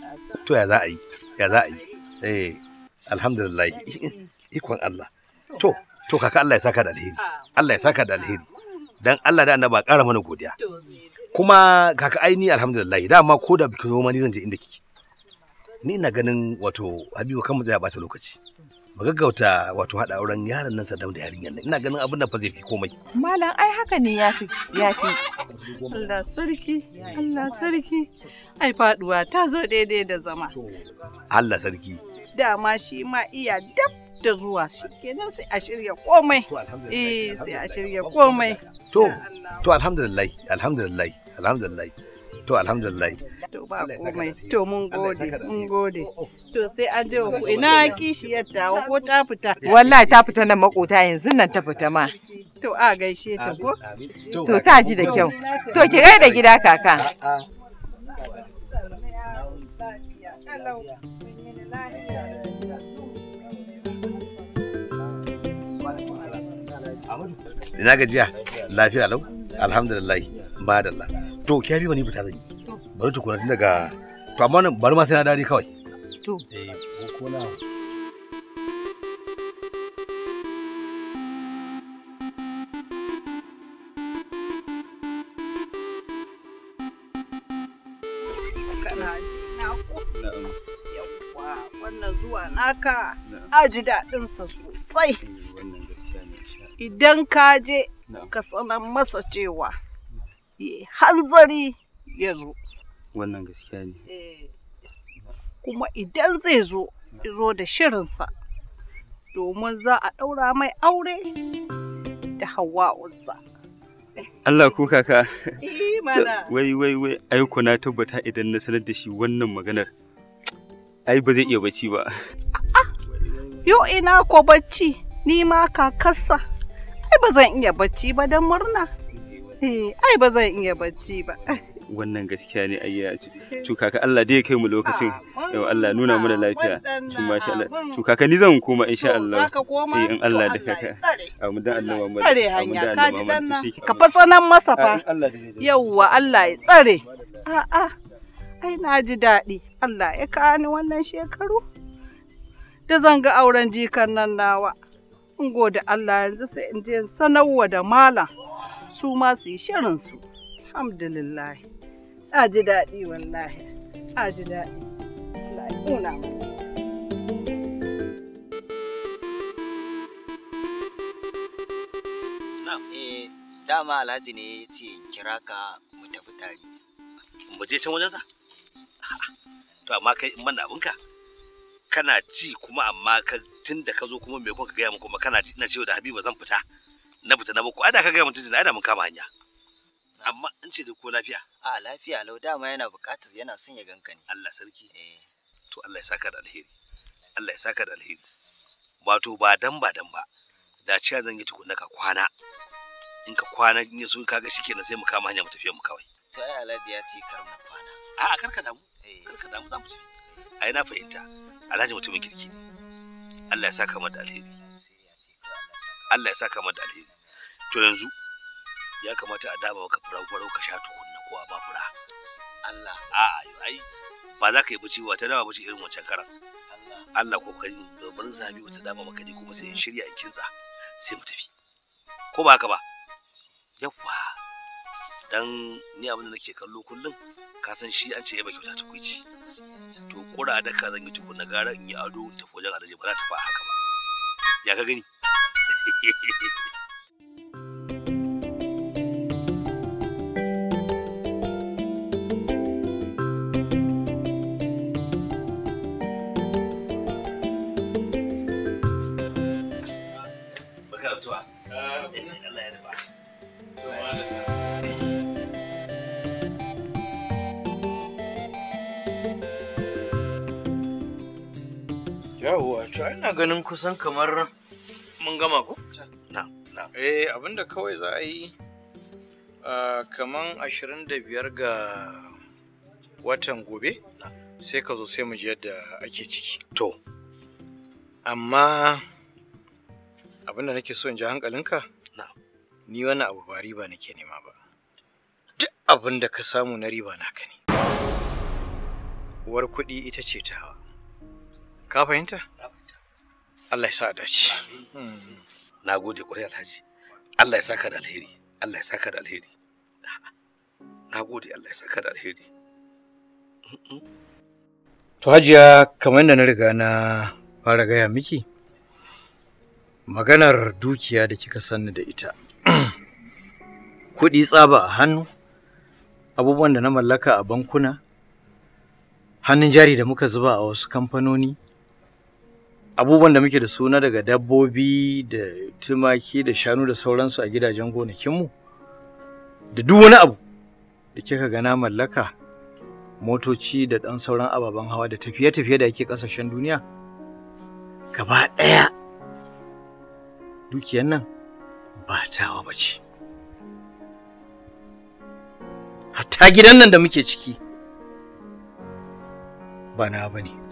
to ya za a yi ya za a yi eh alhamdulillah ikon Allah to to kaka Allah ya saka da alheri Allah ya saka da alheri dan Allah da annaba ƙara mana godiya kuma kaka aini alhamdulillah da ko da bikin zo mani zan je inda kike ni ina ganin wato Habibu kan mu zai bata lokaci ba gaggauta wato hada auren yaran nan Saddam da yarinyar nan ina ganin abin da fa zai fi komai malam ai haka ne yafi yafi Allah sarki Allah sarki ai faduwa ta zo daidai da zama Allah sarki dama shi ma iya dab da zuwa shi kenan sai a shirya komai eh sai a shirya komai to eh, to alhamdulillah alhamdulillah alhamdulillah to alhamdulillah to ba komai to mun gode mun gode oh, oh. to sai an je ku ina ya dawo ko ta fita wallahi ta fita nan makota yanzu nan ta fita ma to a gaishe ta ko to ta ji da kyau to ki gaida gida kaka ina gajiya lafiya lau alhamdulillah ba da Allah to ki bi wani fita zan bari tukuna tun daga to amma bari ma sai na dare kawai to eh ko na haka a ji daɗinsa sosai eh, idan ka je ka sanar masa cewa hanzari ya zo wannan gaskiya ne eh, kuma idan zai zo zo da shirinsa domin za a ɗaura mai aure da hawa'unsa. Allah ku kaka. Eh, wai wai wai aiko na tabbata idan na sanar da shi wannan maganar. ai ba zai iya bacci ba ah, yo ina ko bacci ni ma kakarsa ai ba zan iya bacci ba don murna eh, ai ba zan iya bacci ba wannan gaskiya ne ai ya ci kaka Allah dai ya kai mu lokacin ah, yau Allah nuna mana lafiya To masha Allah to kaka ni zan koma insha Allah eh in Allah da kaka Amma dan Allah mamma tsare hanya ka ji dan ka fatsanan masa fa ah, yauwa Allah ya tsare a a ai na ji daɗi Allah ya kani wannan shekaru da zan ga auren jikan nan nawa. In gode Allah yanzu sai in je sanarwa da malam su ma su yi shirinsu. Alhamdulillah. A ji daɗi wallahi. A ji daɗi. Allah ya eh, dama alhaji ne ya ce kira ka mu tafi tare mu je can wajensa to amma kai in manna abinka kana ci kuma amma ka tun da ka zo kuma me ka gaya mu kuma kana ci ina cewa da Habiba zan fita na fita na bako ada ka gaya mutum tun ada mun kama hanya amma in ce da ko lafiya a lafiya lau dama yana buƙatar yana son ya ganka ne Allah sarki eh. to Allah ya saka da alheri Allah ya saka da alheri wato ba dan ba dan ba da ciya zan yi tukunna ka kwana in ka kwana in ya so kaga shikenan sai mu kama hanya mu tafi mu kawai to ai Alhaji ya ce kar mu kwana a'a kar ka damu Eh, kar ka damu za mu tafi ai na fahimta alhaji mutumin kirki ne Allah ya saka mata alheri Allah ya saka mata alheri to yanzu ya kamata a dama maka fura farau ka sha tukunna ko a ba fura Allah a ai ba za ka yi bici ta dama bici irin wancan karan Allah kokarin domin zabi wata dama maka ne kuma sai in shirya in kinsa sai mu tafi ko ba haka ba yawwa dan ni abin da nake kallo kullum Kasan shi an ce ya kyauta ta kuici to kura da ka zan yi tukuna gara in yi ado ta wajen alhaji ba za ta fa haka ba ya ka gani ina ganin kusan kamar mun gama ko? na na eh abinda kawai za a yi ah, kaman biyar ga watan gobe sai ka zo sai mu ji yadda ake ciki to amma abinda nake so in ji hankalinka ni wani abu ba riba nake nema ba duk abinda ka samu na riba naka ne uwar kuɗi ita ce tawa ka fahimta Allah ya sa dace na gode kwarai alhaji Allah ya saka da alheri Allah ya saka da alheri na gode Allah ya saka da alheri to hajiya kamar da na riga na fara gaya miki maganar dukiya da kika sanni da ita kuɗi tsaba a hannu abubuwan da na mallaka a bankuna hannun jari da muka zuba a wasu kamfanoni abubuwan da muke da suna daga dabbobi da tumaki da shanu da sauransu a gidajen gonakin mu, da duk wani abu da kika ga na mallaka motoci da ɗan sauran ababen hawa da tafiye-tafiye da yake ƙasashen duniya gaba ɗaya dukiyan nan ba tawa ba ce hatta gidan nan da muke ciki ba na ba ne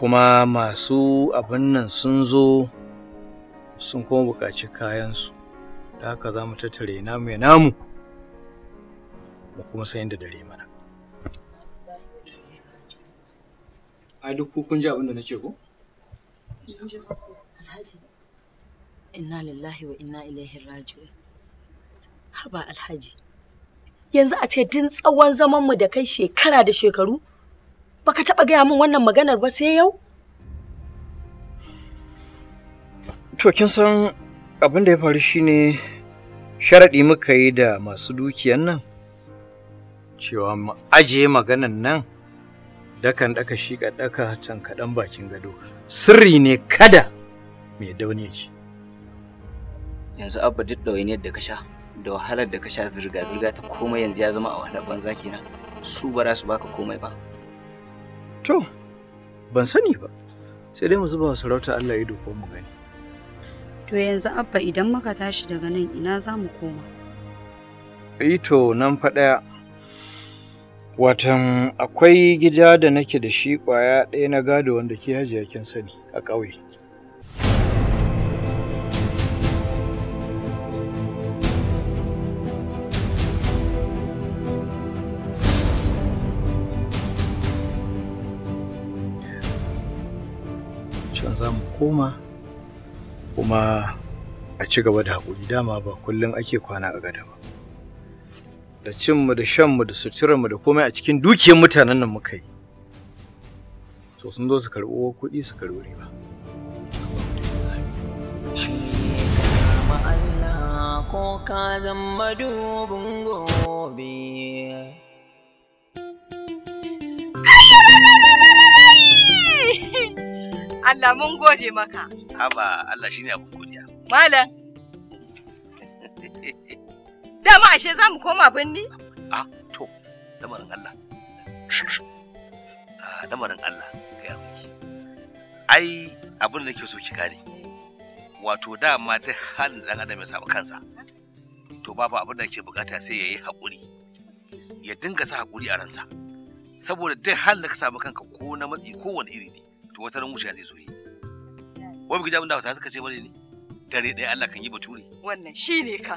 kuma masu abin nan sun zo sun kuma buƙaci kayansu da haka za mu tattare namu ya namu mu kuma sayin da dare mana ai duk kun ji abin da ce ko alhaji inna lillahi wa inna ilaihi raji'un haba alhaji yanzu a ce din tsawon zaman mu da kai shekara da shekaru Baka taɓa gaya min wannan maganar ba sai yau? To kin san abin da ya faru shine sharaɗi muka yi da masu dukiyan nan cewa mu aje maganan nan dakan daka shi daka can kaɗan bakin gado sirri ne kada mai daune ce. Yanzu abba duk ne da ka da wahalar da ka sha zirga-zirga ta komai yanzu ya zama a wahalar banza kenan su ba su baka komai ba. To, ban sani ba, sai dai mu zuba wa sarauta Allah ido ko mu gani. To yanzu abba idan muka tashi daga nan ina za mu koma? Eh to nan fa ɗaya. Watan akwai gida da nake da shi ƙwaya ɗaya na gado wanda ke hajiya kin sani a ƙauye. koma kuma a ci gaba da hakuri, dama ba kullum ake kwana a gada ba da mu, da shanmu da suturarmu da komai a cikin dukiyar mutanen nan muka yi so sun zo su karɓo kuɗi su karɓi riba ko ka zama dubin gobe Allah mun gode maka. Haba Allah shine abin godiya. Malam. Dama ashe za mu koma binni? Ah, to, lamarin Allah. Ah, lamarin Allah gaya miki. Ai, abin da nake so ki gane. Wato dama ta halin da adam ya samu kansa. To babu abin da ke bukata sai ya yi haƙuri. Ya dinga sa haƙuri a ransa. Saboda duk halin da ka samu kanka ko na matsi ko wani iri ne. to wata ran wuciya zai zo yi wai biki abin da Hausa suka ce bane ne dare ɗaya Allah kan yi bature wannan shine ka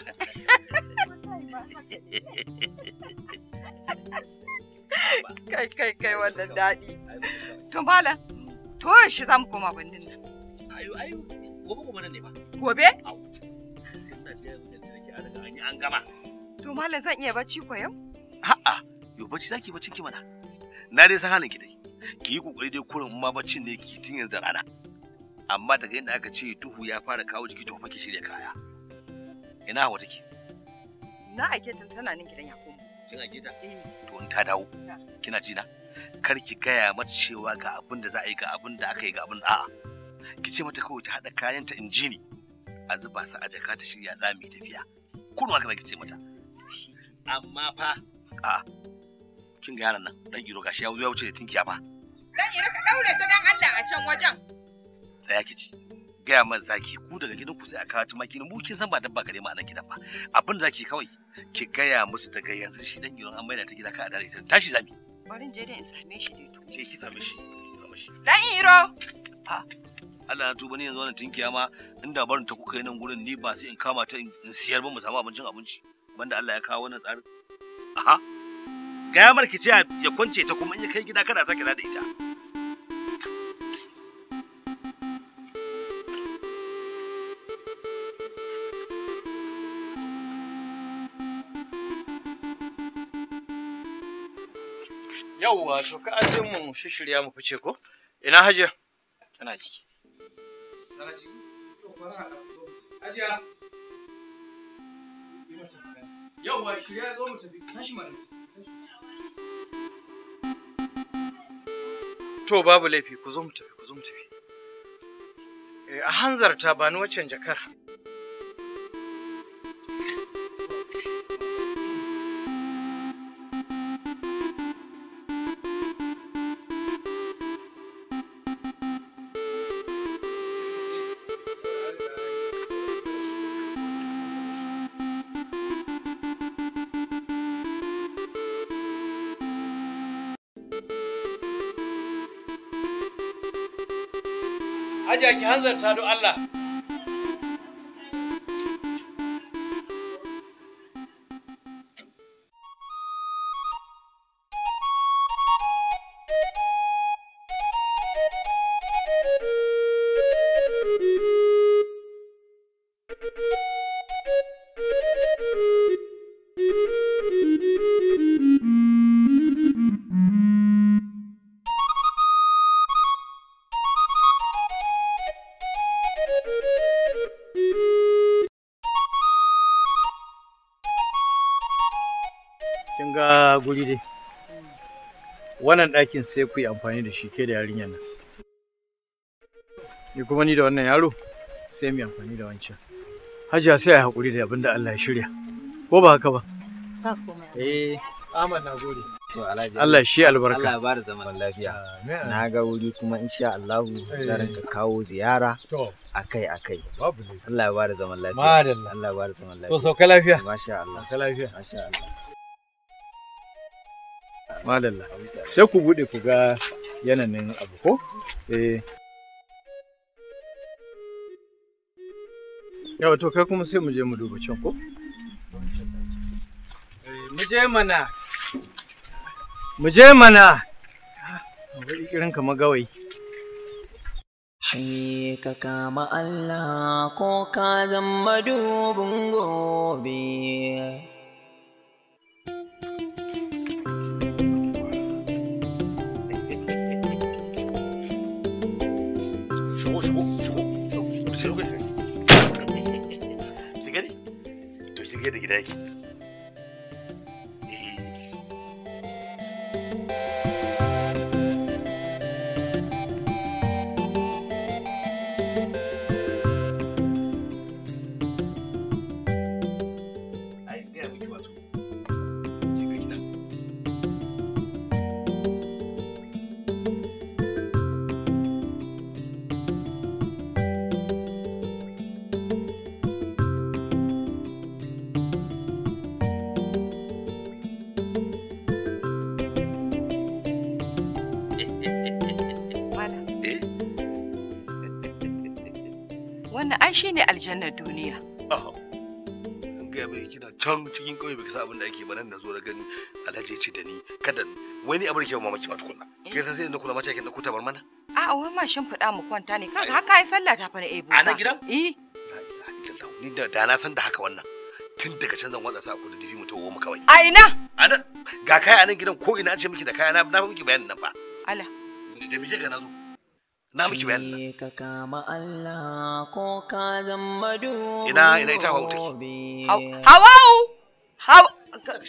kai kai kai wannan daɗi to malam to shi za mu koma bandin nan ayo ayo gobe gobe ne ba gobe an gama to malam zan iya bacci ko yau a'a yo bacci zaki bacci ki mana na dai san halin ki dai ki yi kokari dai kurin ma baccin ne ki tun yanzu da rana amma daga yadda aka ce duhu ya fara kawo jiki to fa ki shirya kaya ina hawa take na ake tun tana nan gidan yakubu kin ake ta eh. to in ta dawo kina ji na kar ki gaya mata cewa ga abin da za a yi ga abin da aka yi ga abin da a'a ki ce mata kawai ta haɗa kayanta in ji ni a zuba su a jaka ta shirya za mu yi tafiya kun ma ka ce mata amma fa a'a kin ga yaran nan dan iro gashi ya zo ya wuce da tinkiya fa dan iro ka daure ta dan Allah a can wajen tsaya kici gaya man zaki ku daga gidan ku sai a kawo tumaki mu kin san ba dabba gare mu a nan gidan ba abin da zaki kawai ki gaya musu daga yanzu shi dan giro an maida ta gida ka a dare ta tashi zami bari je da in same shi dai to je ki same shi same shi dan iro ha Allah na tuba ni yanzu wannan tinkiya ma inda barin ta kuka yi nan gurin ni ba sai in kama ta in siyar ba mu samu abincin abinci banda Allah ya kawo wannan tsarin aha gaya mar ki ce ya kwance ta kuma in ya kai gida kada sa sake da ita yauwa to ka aje mu shishirya mu fice ko ina hajiya tana ciki tana ciki To ka hajiya yauwa shirya zo mu tafi tashi mana To babu laifi ku zo mu tafi ku zo mu tafi. Eh, a hanzarta ba ni waccan jakar. ki hanzarta don Allah ɗakin sai ku yi amfani da shi ke da yarinyar nan ni kuma ni da wannan yaro sai mu yi amfani da wancan hajiya sai a yi haƙuri da abin da Allah ya shirya ko ba haka ba eh Ahmad na gode Allah shi albarka Allah ya bada zaman lafiya na ga wuri kuma insha Allah eh. za ka kawo ziyara akai akai Allah ya bada da zaman lafiya Allah ya bada zaman lafiya to sauka lafiya masha Allah sauka lafiya masha Allah malalla sai ku bude ku ga yananin abu ko eh yawa to kai kuma sai mu je mu duba can ko eh, mu je mana mu je mana bari kirin ka magawai Shi ka kama Allah ko ka zama dubin gobe. Yedi gidek. shi ne aljannar duniya. An gaya mai kina can cikin ƙauye bai kasa abin da ake ba nan na zo da gani alhaji ce da ni kada wani abin da ke mamaki ba tukuna? Kai san sai inda kuna mace kin da kuta bar mana. A'a wai ma shin fada mu kwanta ne kaka haka ai sallah ta fara ebo. A nan gidan? Eh. Ni da da na san da haka wannan. Tun daga can zan wada sa ku da dibi mu tawo mu kawai. A ina? A nan ga kaya a nan gidan ko ina an ce miki da kaya na ba miki bayanin nan fa. Ala. Da mije ga na zo. na miki bayanin ka kama Allah ko ka zama ina ina ita hawa take hawau hawa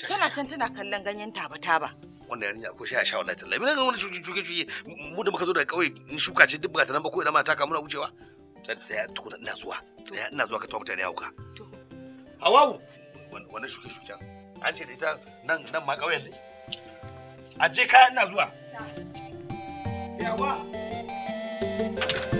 tana can tana kallon ganyen taba taba Wanda yarinya ko shi a sha wallahi tallahi mun wani cuci cuci cuci mu da muka zo daga kawai in shuka ce duk bukata nan ba ko ina ma ta kamu na wucewa tsaya tukuna ina zuwa tsaya ina zuwa ka tawa mutane hauka hawau Wani shuke shuke. an ce da ita nan nan ma kauyen ne a je kaya ina zuwa yawa Thank you.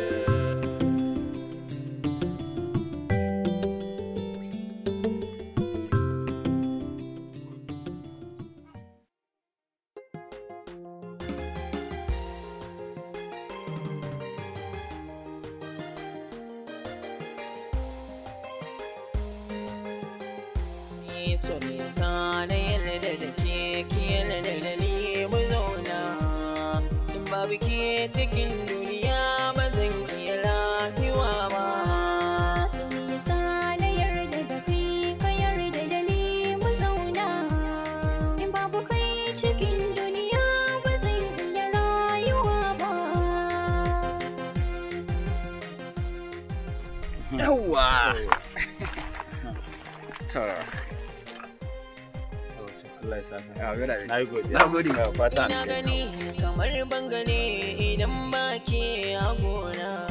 Ah, Ina gani kamar bangane idan ba ke a gona.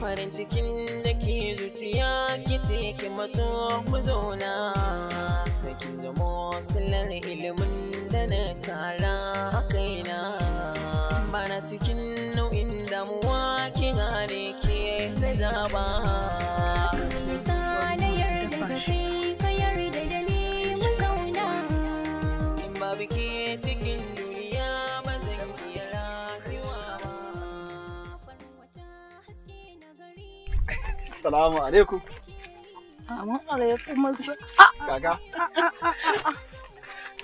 Farin cikin da ke zuciya ki teke mato mu zauna. Da ki zamo silar ilimin da na tara a kaina. Bana cikin nau'in damuwa ki gane ke da zaba. Assalamu alaikum. Assalamu alaikum. Ah! Kaka.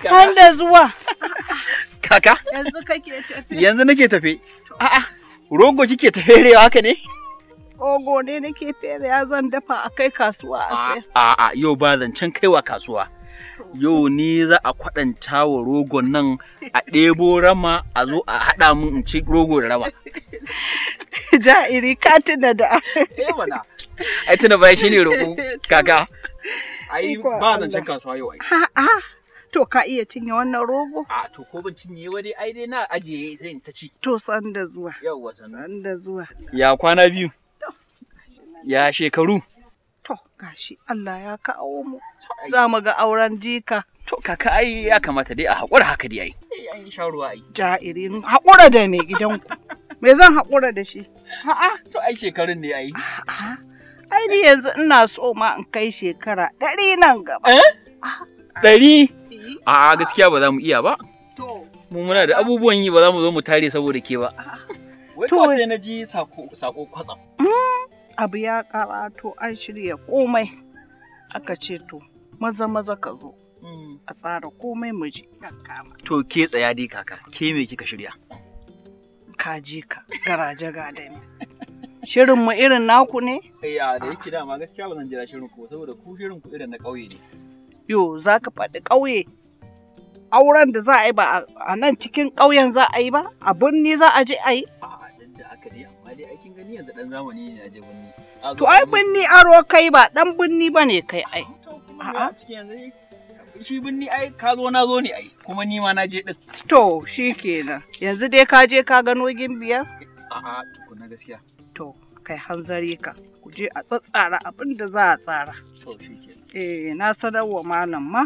Kan da zuwa. Kaka. Yanzu kake tafe. Yanzu nake tafe. A'a. Rogo kike tafe haka ne? Rogo ne nake fere ya zan dafa a kai kasuwa a sayar. A'a yau ba zan can kaiwa kasuwa. Yau ni za a kwaɗanta wa rogon nan a ɗebo rama a zo a haɗa mun in ci rogo da rama. Ja'iri katina da. Eh ai tuna baya shine roƙo kaka ai ba zancen kasuwa yau ai to ka iya cinye wannan rogo a to ko ban cinye ba dai ai dai na ajiye zan ta ci to san da zuwa yauwa san da zuwa ya kwana biyu ya shekaru to gashi Allah ya kawo mu za mu ga auren jika to kaka ai ya kamata dai a haƙura haka dai ai eh, an sha ruwa ai irin haƙura da mai gidanku me zan haƙura da shi a'a to ai shekarun ne ai a'a ah, ah. Ai yanzu ina so ma in kai shekara ɗari nan gaba. Eh? Ah, ɗari? Eh. A'a gaskiya ba za mu iya ba. To. Mu muna da abubuwan yi ba za mu zo mu tare saboda ke ba. Ah. To sai na ji sako kwatsam. Hmm, abu ya to an shirya komai. Aka ce to maza maza ka zo. Hmm. A tsara komai mu ji. To ke tsaya dai kaka, ke me kika shirya? Ka ka garaje ga gadami. Shirin mu irin naku ne? Ya eh, da yake dama gaskiya ba zan jira shirin ku saboda ku shirin ku irin na ƙauye ne. Yo za ka faɗi ƙauye auren da za a yi ba a nan cikin ƙauyen za a yi ba a birni za a je a yi. da haka dai amma dai aikin gani yanzu ɗan zamani ne a je birni. To ai birni aro kai ba ɗan birni ba ne kai ai. A'a. shi binni ai ka zo na zo ne ai kuma ni ma na je din to shikenan yanzu dai ka je ka gano gimbiya a'a tukuna gaskiya to kai hanzari ka ku je a tsatsara abin da za a tsara eh na sadarwa malam ma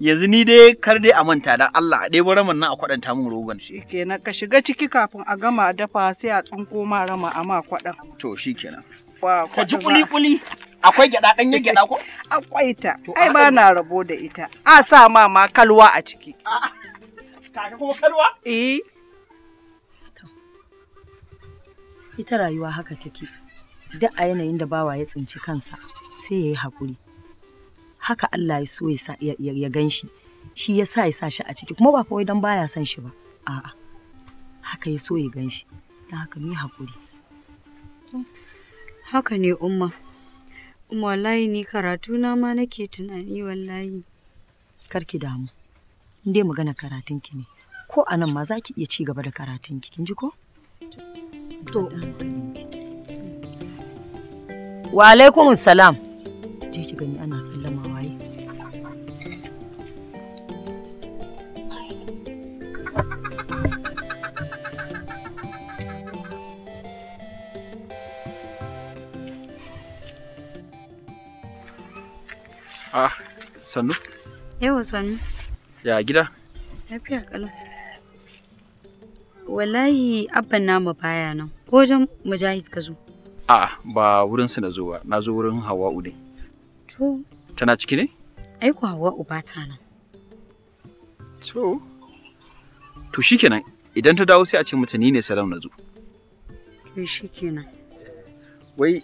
yanzu ni dai kar dai a manta da Allah a ɗebo raman nan a kwaɗanta min rogon shikenan ka shiga ciki kafin a gama dafa sai a tsinko ma rama a ma kwaɗan to shikenan ka ji kuli-kuli akwai gyada yi gyada ko? Akwai ta, ai ba na rabo da ita. A sa ma ma kalwa a ciki. Kaka ah, kuma kalwa? Eh. ita rayuwa haka take duk a yanayin da bawa ya tsinci kansa sai ya yi haƙuri haka Allah ya so ya gan shi shi ya sa ya sa shi a ciki kuma ba kawai don baya son shi ba a'a haka ya so ya gan shi don haka mu yi haƙuri haka ne umma umma wallahi ni karatu na ma nake tunani wallahi karki damu in dai magana karatunki ne ko anan ma za ki iya ci gaba da karatunki kin ji ko To. Wa alaikum salam. Je ki gani ana sallama waye. Ah, sannu? Yawa sannu. Ya gida? Lafiya wallahi abban namu baya nan ko wajen mujahid ka zo a'a ba wurin su na zo ba na zo wurin hawa ne to tana ciki ne ai ku hawa'u ba ta nan to to shikenan idan ta dawo sai a ce mata ni ne salam na zo to shikenan wai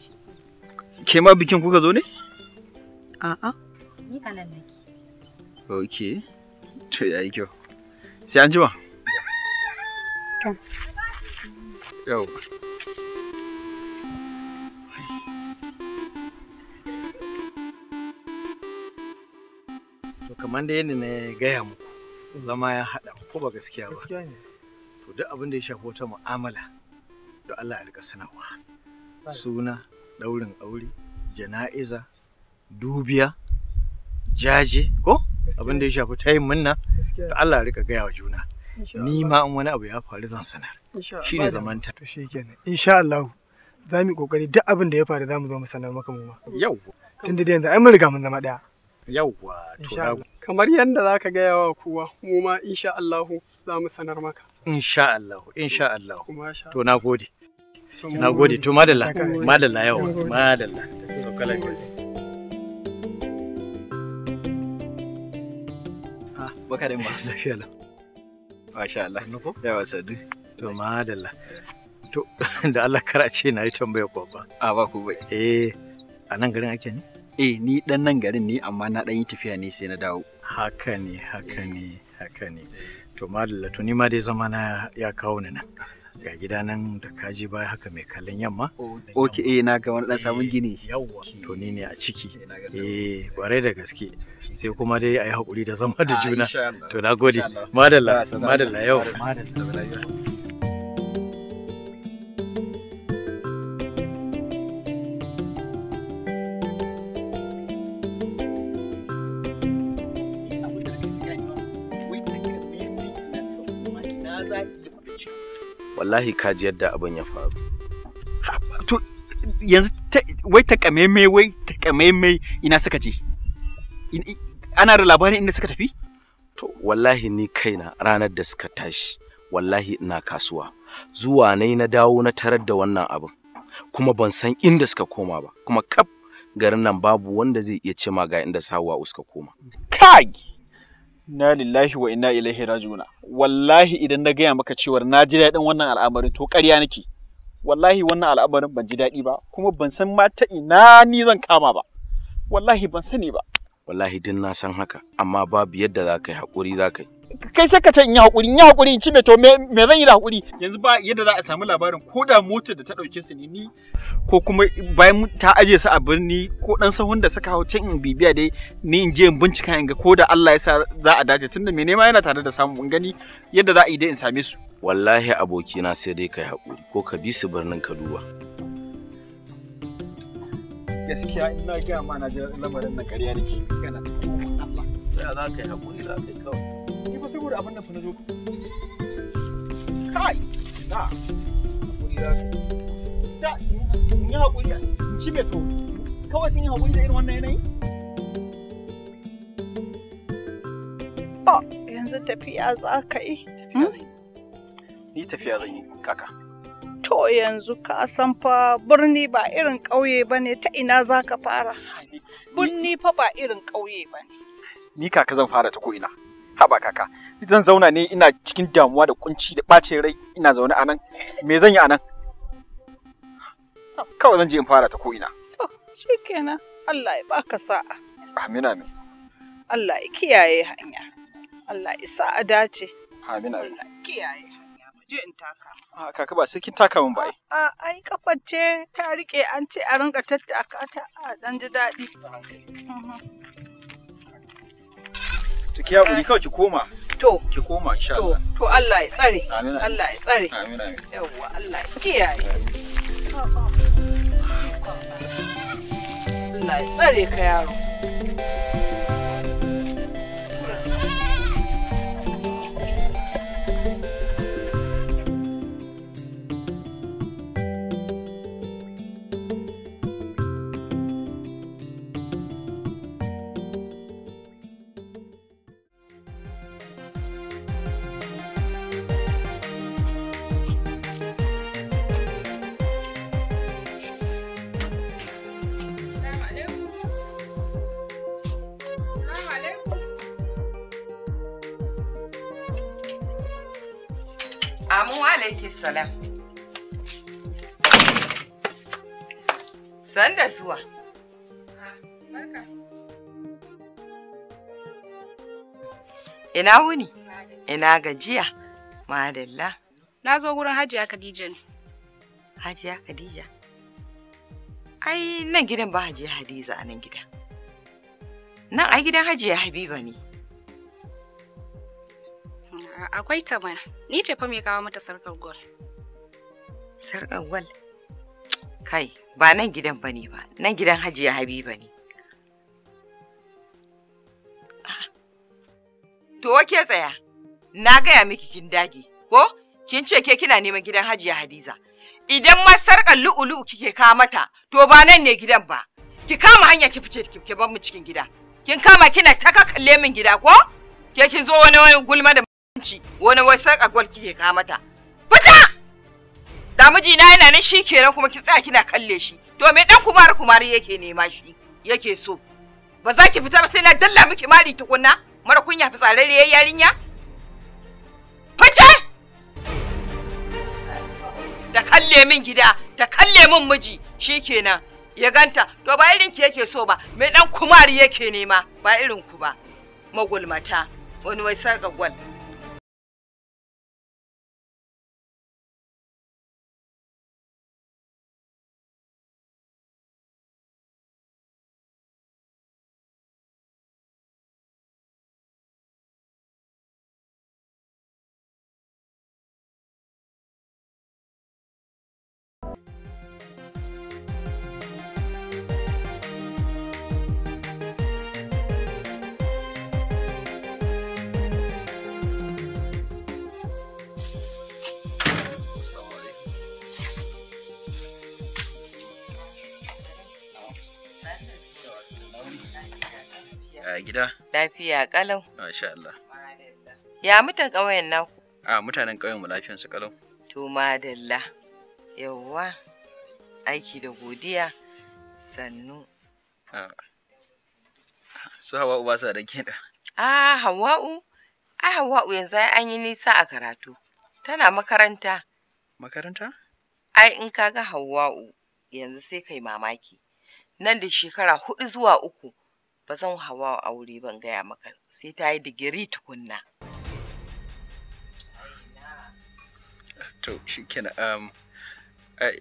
ke ma bikin kuka zo ne a'a ni anan nake okay to yayi kyau sai an jima kyan yau to kamar da yadda na gaya muku zama ya haɗa ko ba gaskiya ba to duk abin da ya shafi wata mu'amala da Allah ya rika sanarwa suna ɗaurin aure jana'iza dubiya jaje ko abin da ya shafi tayin munna da Allah ya rika gaya wa juna ni ma in wani abu ya faru zan sanar shi ne zamanta to shikenan insha Allah za mu kokari duk abin da ya faru za mu zo mu sanar maka mu ma yau tunda da yanzu ai mun riga mun zama daya yauwa to kamar yadda za ka gaya wa kowa mu ma insha Allah za mu sanar maka insha Allah insha Allah to na gode to madalla madalla yawa madalla sokala ah, baka da ma lafiya Masha Allah. Sannu ko? Yawa sannu. To madalla. To da Allah kar a ce na yi tambayar babba. A ba ku bai. Eh a nan garin ake ne? Eh ni dan nan garin ne amma na dan yi tafiya ne sai na dawo. Haka ne haka ne eh. haka ne. To madalla to ni ma dai zama na ya kawo ni nan. sai gida nan da kaji baya haka mai kallon yamma oh, ok eh na ga wani dan eh, samun gini yawa to ni ne a ciki eh kwarai eh, da gaske sai kuma dai ayi hakuri da zama da ah, juna to nagode madalla madalla yau madalla wallahi ka ji yadda abin ya faru to yanzu wai mai wai mai ina suka je ana da labarin inda suka tafi to wallahi ni kaina ranar da suka tashi wallahi ina kasuwa zuwa ne na dawo na tarar da wannan abin kuma ban san inda suka koma ba kuma kaf garin nan babu wanda zai iya ce ga inda sawa suka koma kai Na lillahi wa inna ilaihi rajuna wallahi idan na gaya maka cewar na ji daɗin wannan al'amarin to ƙarya nake wallahi wannan al'amarin ban ji daɗi ba kuma ban san ma ta ina ni zan kama ba wallahi ban sani ba wallahi din na san haka amma babu yadda za ka yi haƙuri za ka yi kai sai ka ce in yi hakuri in yi hakuri in ci me to me zan yi da hakuri yanzu ba yadda za a samu labarin ko da motar da ta dauke su ne ni ko kuma bayan ta aje su a birni ko dan sahun da suka hau can in bibiya dai ni in je in bincika in ga ko da Allah ya sa za a dace tunda me nema yana tare da samu in gani yadda za a yi dai in same su wallahi abokina sai dai kai hakuri ko ka bi su birnin kaduwa. gaskiya ina ga ma na lamarin na ƙarya da ke gana Allah sai za ka yi hakuri za ka yi kawai ni ba saboda abin da fa na zo kai na hakuri za da in yi hakuri in ci mai to kawai sun yi hakuri da irin wannan yanayi yanzu tafiya za ka hmm? yi ni tafiya zan yi kaka to yanzu ka san fa birni ba irin ƙauye ba ne ta ina za ka fara birni fa ba irin ƙauye ba ne ni kaka zan fara ta ko ina taba kaka zan zauna ne ina cikin damuwa da kunci da ɓacin rai ina zaune a nan me zan yi a nan kawai zan je in fara ta ko ina shikenan Allah ya baka sa'a Amina me Allah ya kiyaye hanya Allah ya sa a dace Amina Allah ya kiyaye hanya mu je in taka a ah, kaka ba sai kin taka min ba a ai kafar ce ta rike an ce a rinka tattaka ta a dan ji daɗi ah, mhm. to ki haƙuri kawai ki koma to ki koma insha Allah to Allah ya tsare Allah ya tsare amin amin yawwa Allah ya kiyaye Allah ya tsare ka yaro salam. Sanda zuwa. Ina wuni? Ina gajiya? Madalla. Na zo gurin Hajiya Khadija ne. Hajiya Khadija? Ai nan gidan ba Hajiya Hadiza a nan gida. Nan ai gidan Hajiya Habiba ne. Akwai ta mana. Ni ce fa mai kawo mata sarkar gol. Sarkar gol? Kai, ba nan gidan ba ne ba, nan gidan Hajiya Habiba ne. Ah. To ke tsaya, na gaya miki kin dage, ko? Kin ce ke kina neman gidan Hajiya Hadiza. Idan ma sarkar lu'u-lu'u kike kawo mata, to ba nan ne gidan ba. Ki kama hanya ki fice ki bar mu cikin gida. Kin kama kina ta kalle min gida ko? Ke kin zo wani gulma da ci wani wai gwal kike ka mata fita da mijina yana nan shi kuma ki tsaya kina kalle shi to me dan kumar kumari yake nema shi yake so ba za ki fita ba sai na dalla miki mari tukunna mara kunya yayin yarinya Fita! da kalle min gida da kalle min miji shikenan ya ganta to ba irin ki yake so ba me dan kumari yake nema ba irin ku ba magulmata wani wai sarƙa gwal lafiya kalau. Masha Allah. Ya mutan ƙauyen naku? A mutanen ƙauyen mu lafiyan su kalau. To madalla. Yawwa. Aiki da godiya. Sannu. Su Hawa'u ba sa da kiɗa. Ah, Hawa'u. Ai Hawa'u yanzu an yi nisa a karatu. Tana makaranta. Makaranta? Ai in kaga Hawa'u yanzu sai kai mamaki. Nan da shekara hudu zuwa uku. ba zan hawa aure ban gaya maka sai ta yi digiri tukunna to um,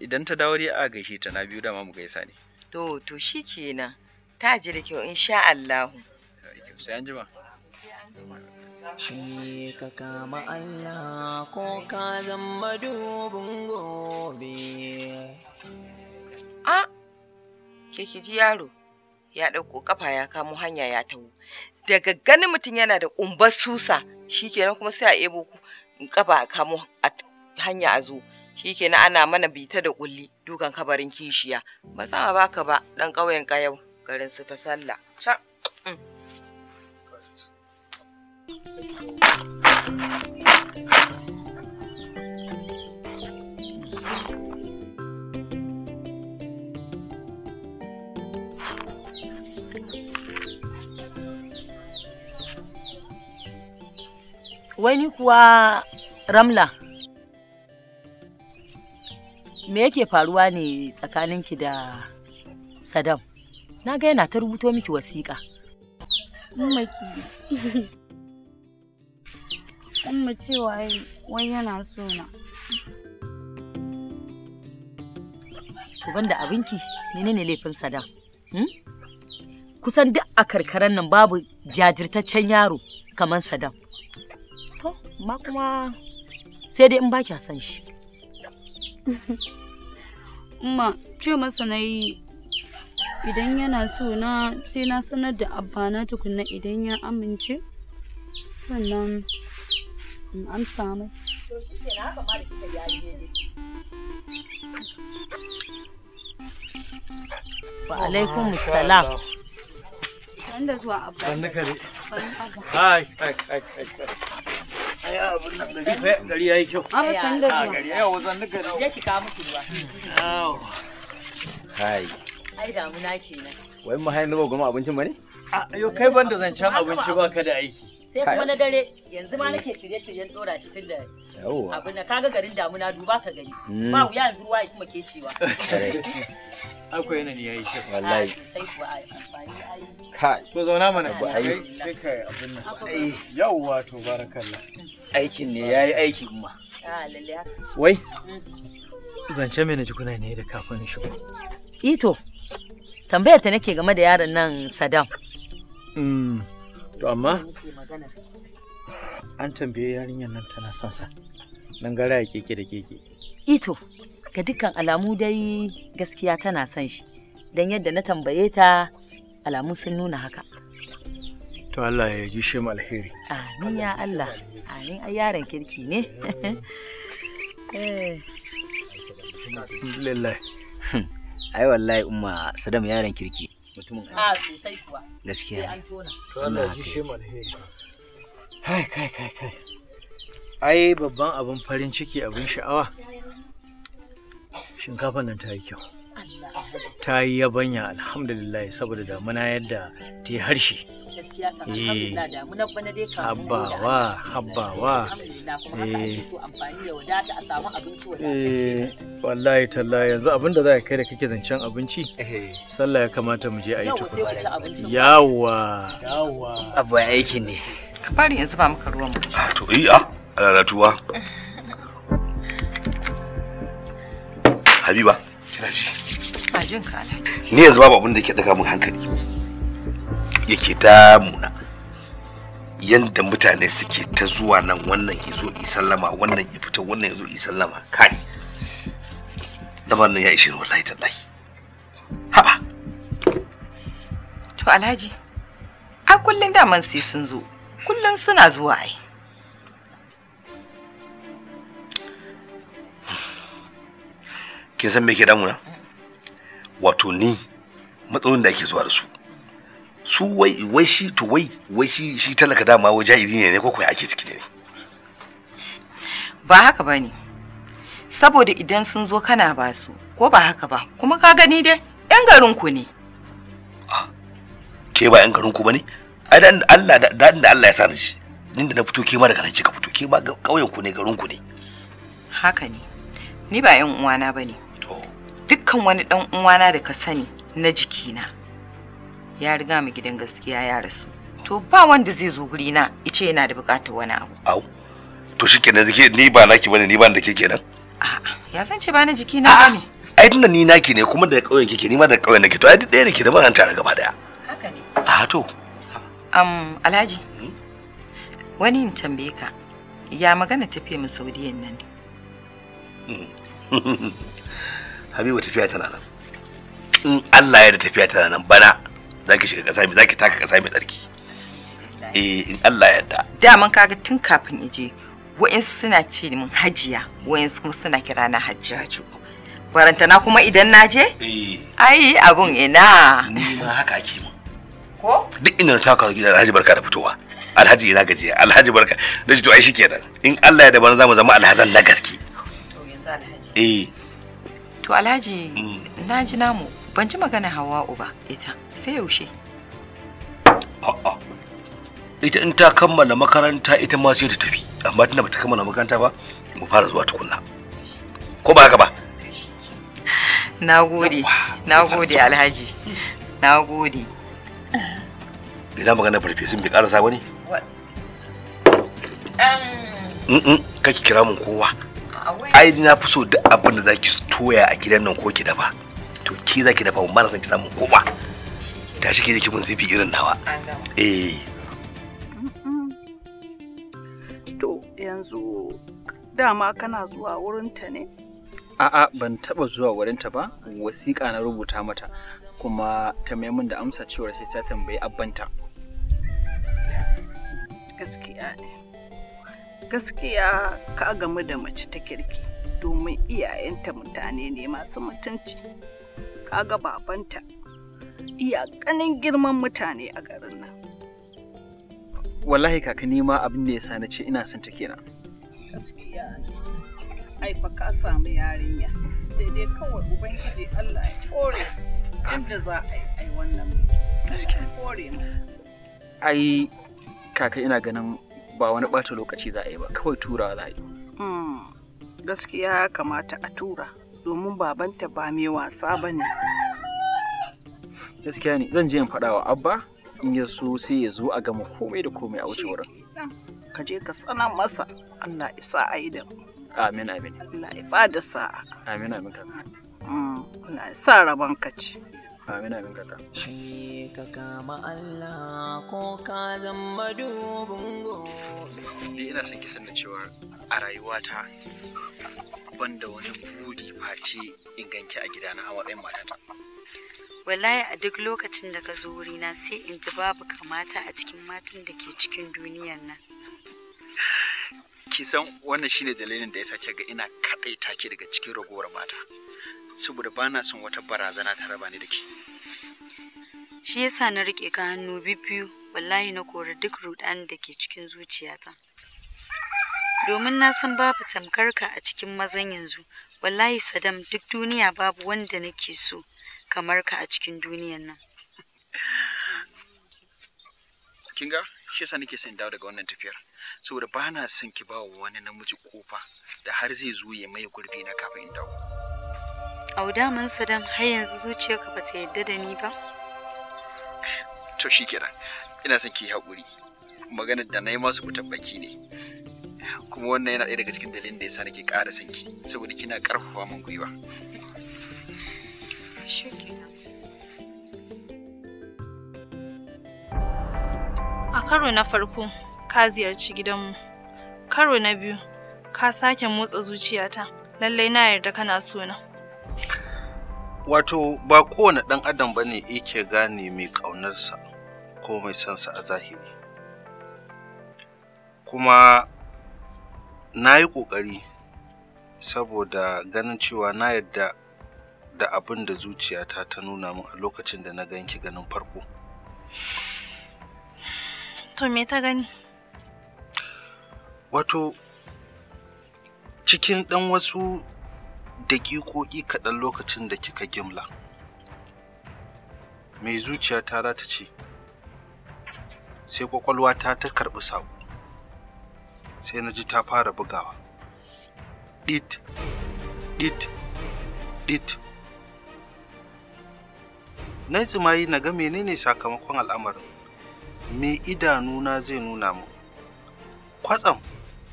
idan ta dawo a gaishe ta na biyu dama mu gaisa ne to to shi kenan, ta ji da kyau insha Allah sai an jima Shi ka kama Allah ko ka zama dubin gobe. A, ke ki ji yaro, ya ɗauko kafa ya kamo hanya ya taho daga ganin mutum yana da ƙumbar susa shikenan kuma sai a ebo kafa a kamo a hanya a zo shikenan ana mana bita da ƙulli dukan kabarin kishiya ba sama baka ba dan ƙauyen kayau garin su ta sallah can Thank you. wani kuwa ramla me yake faruwa ne tsakaninki da sadam na ga yana ta rubuto miki wasiƙa amma cewa wai yana so na to banda abinki menene laifin sadam hmm? kusan duk a karkaran nan babu jajirtaccen yaro kamar sadam To, ma kuma sai dai in ba kya san shi. Umma, ce masa na idan yana so na sai na sanar da abana tukunna idan ya amince sannan in amsa mai. To haka Wa alaikum salam. Sanda zuwa abba. Sanda kare. Hai, hai, hai, hai. Ai abun nan gari ya yi kyau. Abba sanda zuwa. Ah, gari yau sanda kare. Ya ki ka musu ruwa. Au. Hai. Ai damuna kenan. Wai mu hayin ba goma abincin bane? A yo kai ban da can abinci ba ka da aiki. Sai kuma na dare yanzu ma nake shirye-shiryen dora shi tun da abin da kaga garin damuna duba ka gani. Hmm. Ba wuya yanzu ruwa ya kuma ke cewa. akwai yana ne yayi wallahi kai to zauna mana ku ayi sai kai abin nan yawwa to barakallah aikin ne yayi aiki kuma wai mm. zance mai na jikuna ne da kafin shigo ito tambayar ta nake game da yaron nan Saddam mm. to amma an tambaye yarinyar nan tana son nan gara ya keke da keke ito ga dukkan alamu dai gaskiya tana son shi don yadda na tambaye ta alamu sun nuna haka to Allah ya ji shi alheri amin ya Allah amin ai yaron kirki ne eh. alhamdulillah hmm. ai wallahi umma sadam yaron kirki mutumin a sosai kuwa gaskiya to Allah ya ji shi alheri kai kai kai kai ai babban abin farin ciki abin sha'awa Shinkafa nan ta yi kyau. Ta yi yabanya alhamdulillah saboda damuna yadda ta yi harshe. Eh. Habbawa, habbawa. Eh. Eh, wallahi tallahi yanzu abin da za a kai da kake zancen abinci. Sallah ya kamata mu je a yi tukun. Yawa. Yawa. Abu aiki ne. Ka fara yanzu ba maka ruwan mu. Ah, to iya, ratuwa. Habiba. Kina ji. Ba jin ka Ni yanzu babu abin da ke daga mun hankali. Yake ta muna. Yanda mutane suke ta zuwa nan wannan ya zo yi sallama wannan ya fita wannan ya zo yi sallama kai. Lamarin ya ishe wallahi tallahi. Haba. To Alhaji, a kullum daman sai sun zo. Kullum suna zuwa ai. kin san me ke damuna wato ni matsalolin da ake zuwa da su su wai wai shi to wai wai shi shi talaka dama wai jahili ne ne ko kai ake ciki ne ba haka bane saboda idan sun zo kana ba su ko ba haka ba kuma ka gani dai yan garin ku ne ke ba yan garin ku bane ai dan Allah da Allah ya sa shi din da na fito ke ma daga nan ka fito ke ma kauyen ku ne garin ku ne haka ne ni ba yan uwana bane dukkan wani ɗan uwana da ka sani na jikina ya riga mu gidan gaskiya ya rasu to ba wanda zai zo guri na ice yana da bukatar wani abu au to shikenan zike ni ba naki bane ni ba da ke kenan a'a ya san ce ba na jiki na bane ai tunda ni naki ne kuma da kauyen kike ni ma da kauyen nake to ai duk ɗaya ne ke da tare gaba daya haka ne a to am alhaji hmm? wani in tambaye ka ya magana tafe mu saudiyan nan ne hmm. habibu tafiya tana nan in allah ya da tafiya tana nan bana za ki shiga ƙasa mai za ki taka ƙasa mai tsarki eh in allah ya da daman kaga tun kafin ije wa'insu suna ce min hajiya wa'insu kuma suna kira na hajjaju kwarantana kuma idan na je eh. ai abun ina ni ma haka ake mu ko duk inda na taka gidan alhaji barka da fitowa alhaji ina gajiya alhaji barka da to ai shikenan in allah ya da bana zamu zama alhazan na gaske to yanzu alhaji eh To Alhaji, mm. na ji namu ban ji magana hawa ba ita sai yaushe. A'a. Ita in ta kammala makaranta ita ma sai ta tafi, amma tunda bata kammala makaranta ba mu fara zuwa tukunna. Ko ba haka ba? Na gode, na gode Alhaji, na gode. Ina magana farfesun bai karasa ba ne? Um. Kaki kira mun kowa. ai na fi so duk abin da zaki toya a gidan nan ko ki dafa to ki zaki dafa mun na san ki samu ko ba tashi zaki mun zubi irin nawa eh to yanzu dama kana zuwa wurinta ne a'a ban taba zuwa wurinta ba wasiƙa na rubuta mata kuma ta min da amsa cewa sai ta tambayi abbanta gaskiya ne gaskiya ka gamu da mace ta kirki domin iyayenta mutane ne masu mutunci Ka ga babanta iyakanin girman mutane a garin nan wallahi kaka ma abin da ya sa ce ina son ta kenan gaskiya ai fa ka samu yarinya sai dai kawai ubangiji Allah ya kore inda za a yi ai wannan gaskiya kore ai kaka ina ganin ba wani ɓata lokaci za a yi ba kawai tura za a yi hmm, gaskiya ya kamata a tura domin babanta ba mai wasa ba ne gaskiya ne zan je in faɗa wa abba in ya so sai ya zo a gama komai da komai a wuce wurin ka je ka tsana masa allah isa a yi da amin amin allah ya ba da sa'a amin amin ka hmm, allah ya sa rabon ka ce amina amin kaka shi ka kama Allah ko ka zama dubin gobe ina son ki da cewa a rayuwata ban da wani buri face inganki a a gidana a matsayin matata wallahi a duk lokacin da ka zo wurina sai in ji babu kamata a cikin matan da ke cikin duniyar nan kisan wannan shine dalilin da ya sake ga ina kaɗaita take daga cikin ragowar mata saboda ba son wata barazana ta raba ni da ke. Shi yasa na rike ka hannu biyu wallahi na kori duk rudan da ke cikin zuciyata. Domin na san babu tamkar ka a cikin mazan yanzu, wallahi Sadam duk duniya babu wanda nake so kamar ka a cikin duniyan nan. Kinga, shi yasa nake son dawo daga wannan tafiyar. saboda ba na son ki ba wa wani namiji kofa da har zai zo ya mai gurbi na kafin in dawo. auda mun sadan har yanzu zuciyarka ba ta yadda da ni ba to shikenan ina son ki haƙuri maganar da na yi masu mutabbaki ne kuma wannan yana ɗaya daga cikin dalilin da yasa nake ƙara son ki saboda kina ƙarfafa min gwiwa a karo na farko ka ziyarci gidanmu karo na biyu ka sake motsa zuciyata lallai na yarda kana sona. wato ba kowane ɗan adam ba ne yake gane mai ƙaunarsa ko mai sansa a zahiri kuma na yi ƙoƙari saboda ganin cewa na yadda da abin da zuciyata ta nuna min a lokacin da na ganki ganin farko to me ta gani wato cikin ɗan wasu daƙiƙoƙi kaɗan lokacin da kika gimla mai zuciya ta za ta ce sai ƙwaƙwalwata ta karɓi saƙo sai na ji ta fara bugawa ɗit ɗit ɗit na yi tsimayi na ga menene sakamakon al'amarin me idanuna zai nuna mu kwatsam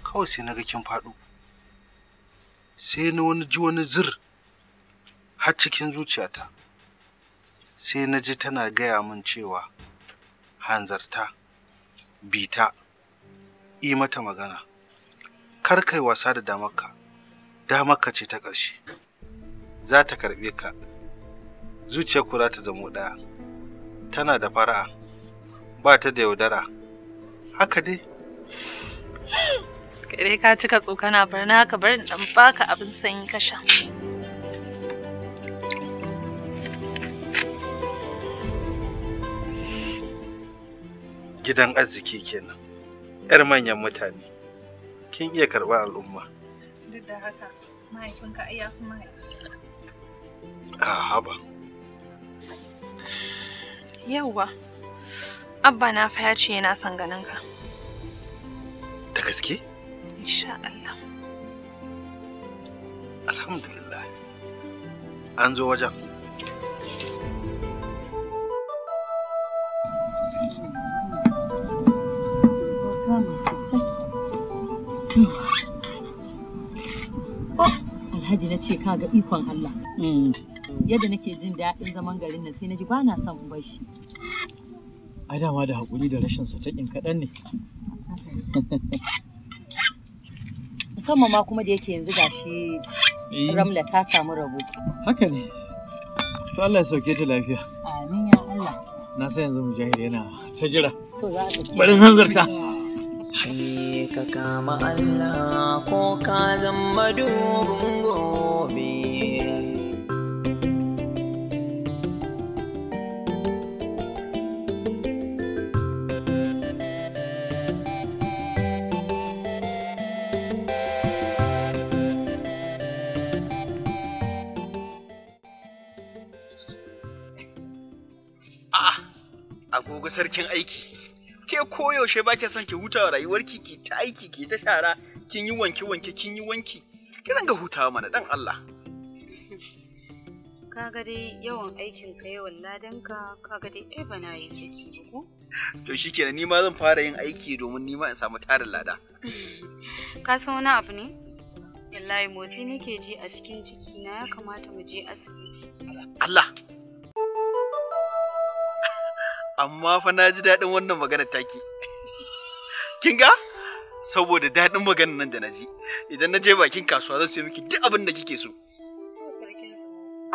kawai sai na ga kin faɗo sai na wani ji wani zir har cikin zuciyata sai na ji tana gaya min cewa hanzarta bita yi mata magana kar kai wasa da damarka damarka ce ta ƙarshe za ta karɓe ka Zuciya za ta zamo ɗaya tana da fara'a ba ta da yaudara haka dai Kare ka cika tsokana barna haka ni dan baka abin sanyi ka sha. Gidan arziki kenan. ‘Yar manyan mutane. Kin iya karɓar al'umma. Duk da haka, mahaifinka ai ya fi mahaifi. Ah, haba. Yawwa. Abba na fa ya ce yana son ganin ka. Da gaske? insha Allah alhamdulillah an zo wajen oh, Alhaji na ce ga ikon Allah. Yadda nake jin daɗin zaman garin nan sai na ji ba na son in bar Ai dama da haƙuri da rashin sa taƙin kaɗan ne. musamman ma kuma da yake yanzu gashi eh. ramla ta samu rabo haka ne to Allah ya sauke ta lafiya amin ya Allah na san yanzu mujahid yana ta jira to za a barin hanzarta shi ka kama Allah ko ka zama dubin gobe gogo sarkin aiki ke koyaushe ba ke son ki huta wa rayuwarki ki ta aiki ki ta shara kin yi wanke wanke kin yi wanki ki ranga hutawa mana dan Allah kaga dai yawan aikin ka yawan ladanka kaga dai ai bana yi saki ko to shikenan ni ma zan fara yin aiki domin ni ma in samu tarin lada ka san wani abu ne wallahi motsi nake ji a cikin ciki na ya kamata mu je asibiti Allah amma fa na ji daɗin wannan magana take. kin ga saboda daɗin maganar nan da na ji idan na je bakin kasuwa zan sayi miki duk abin da kike so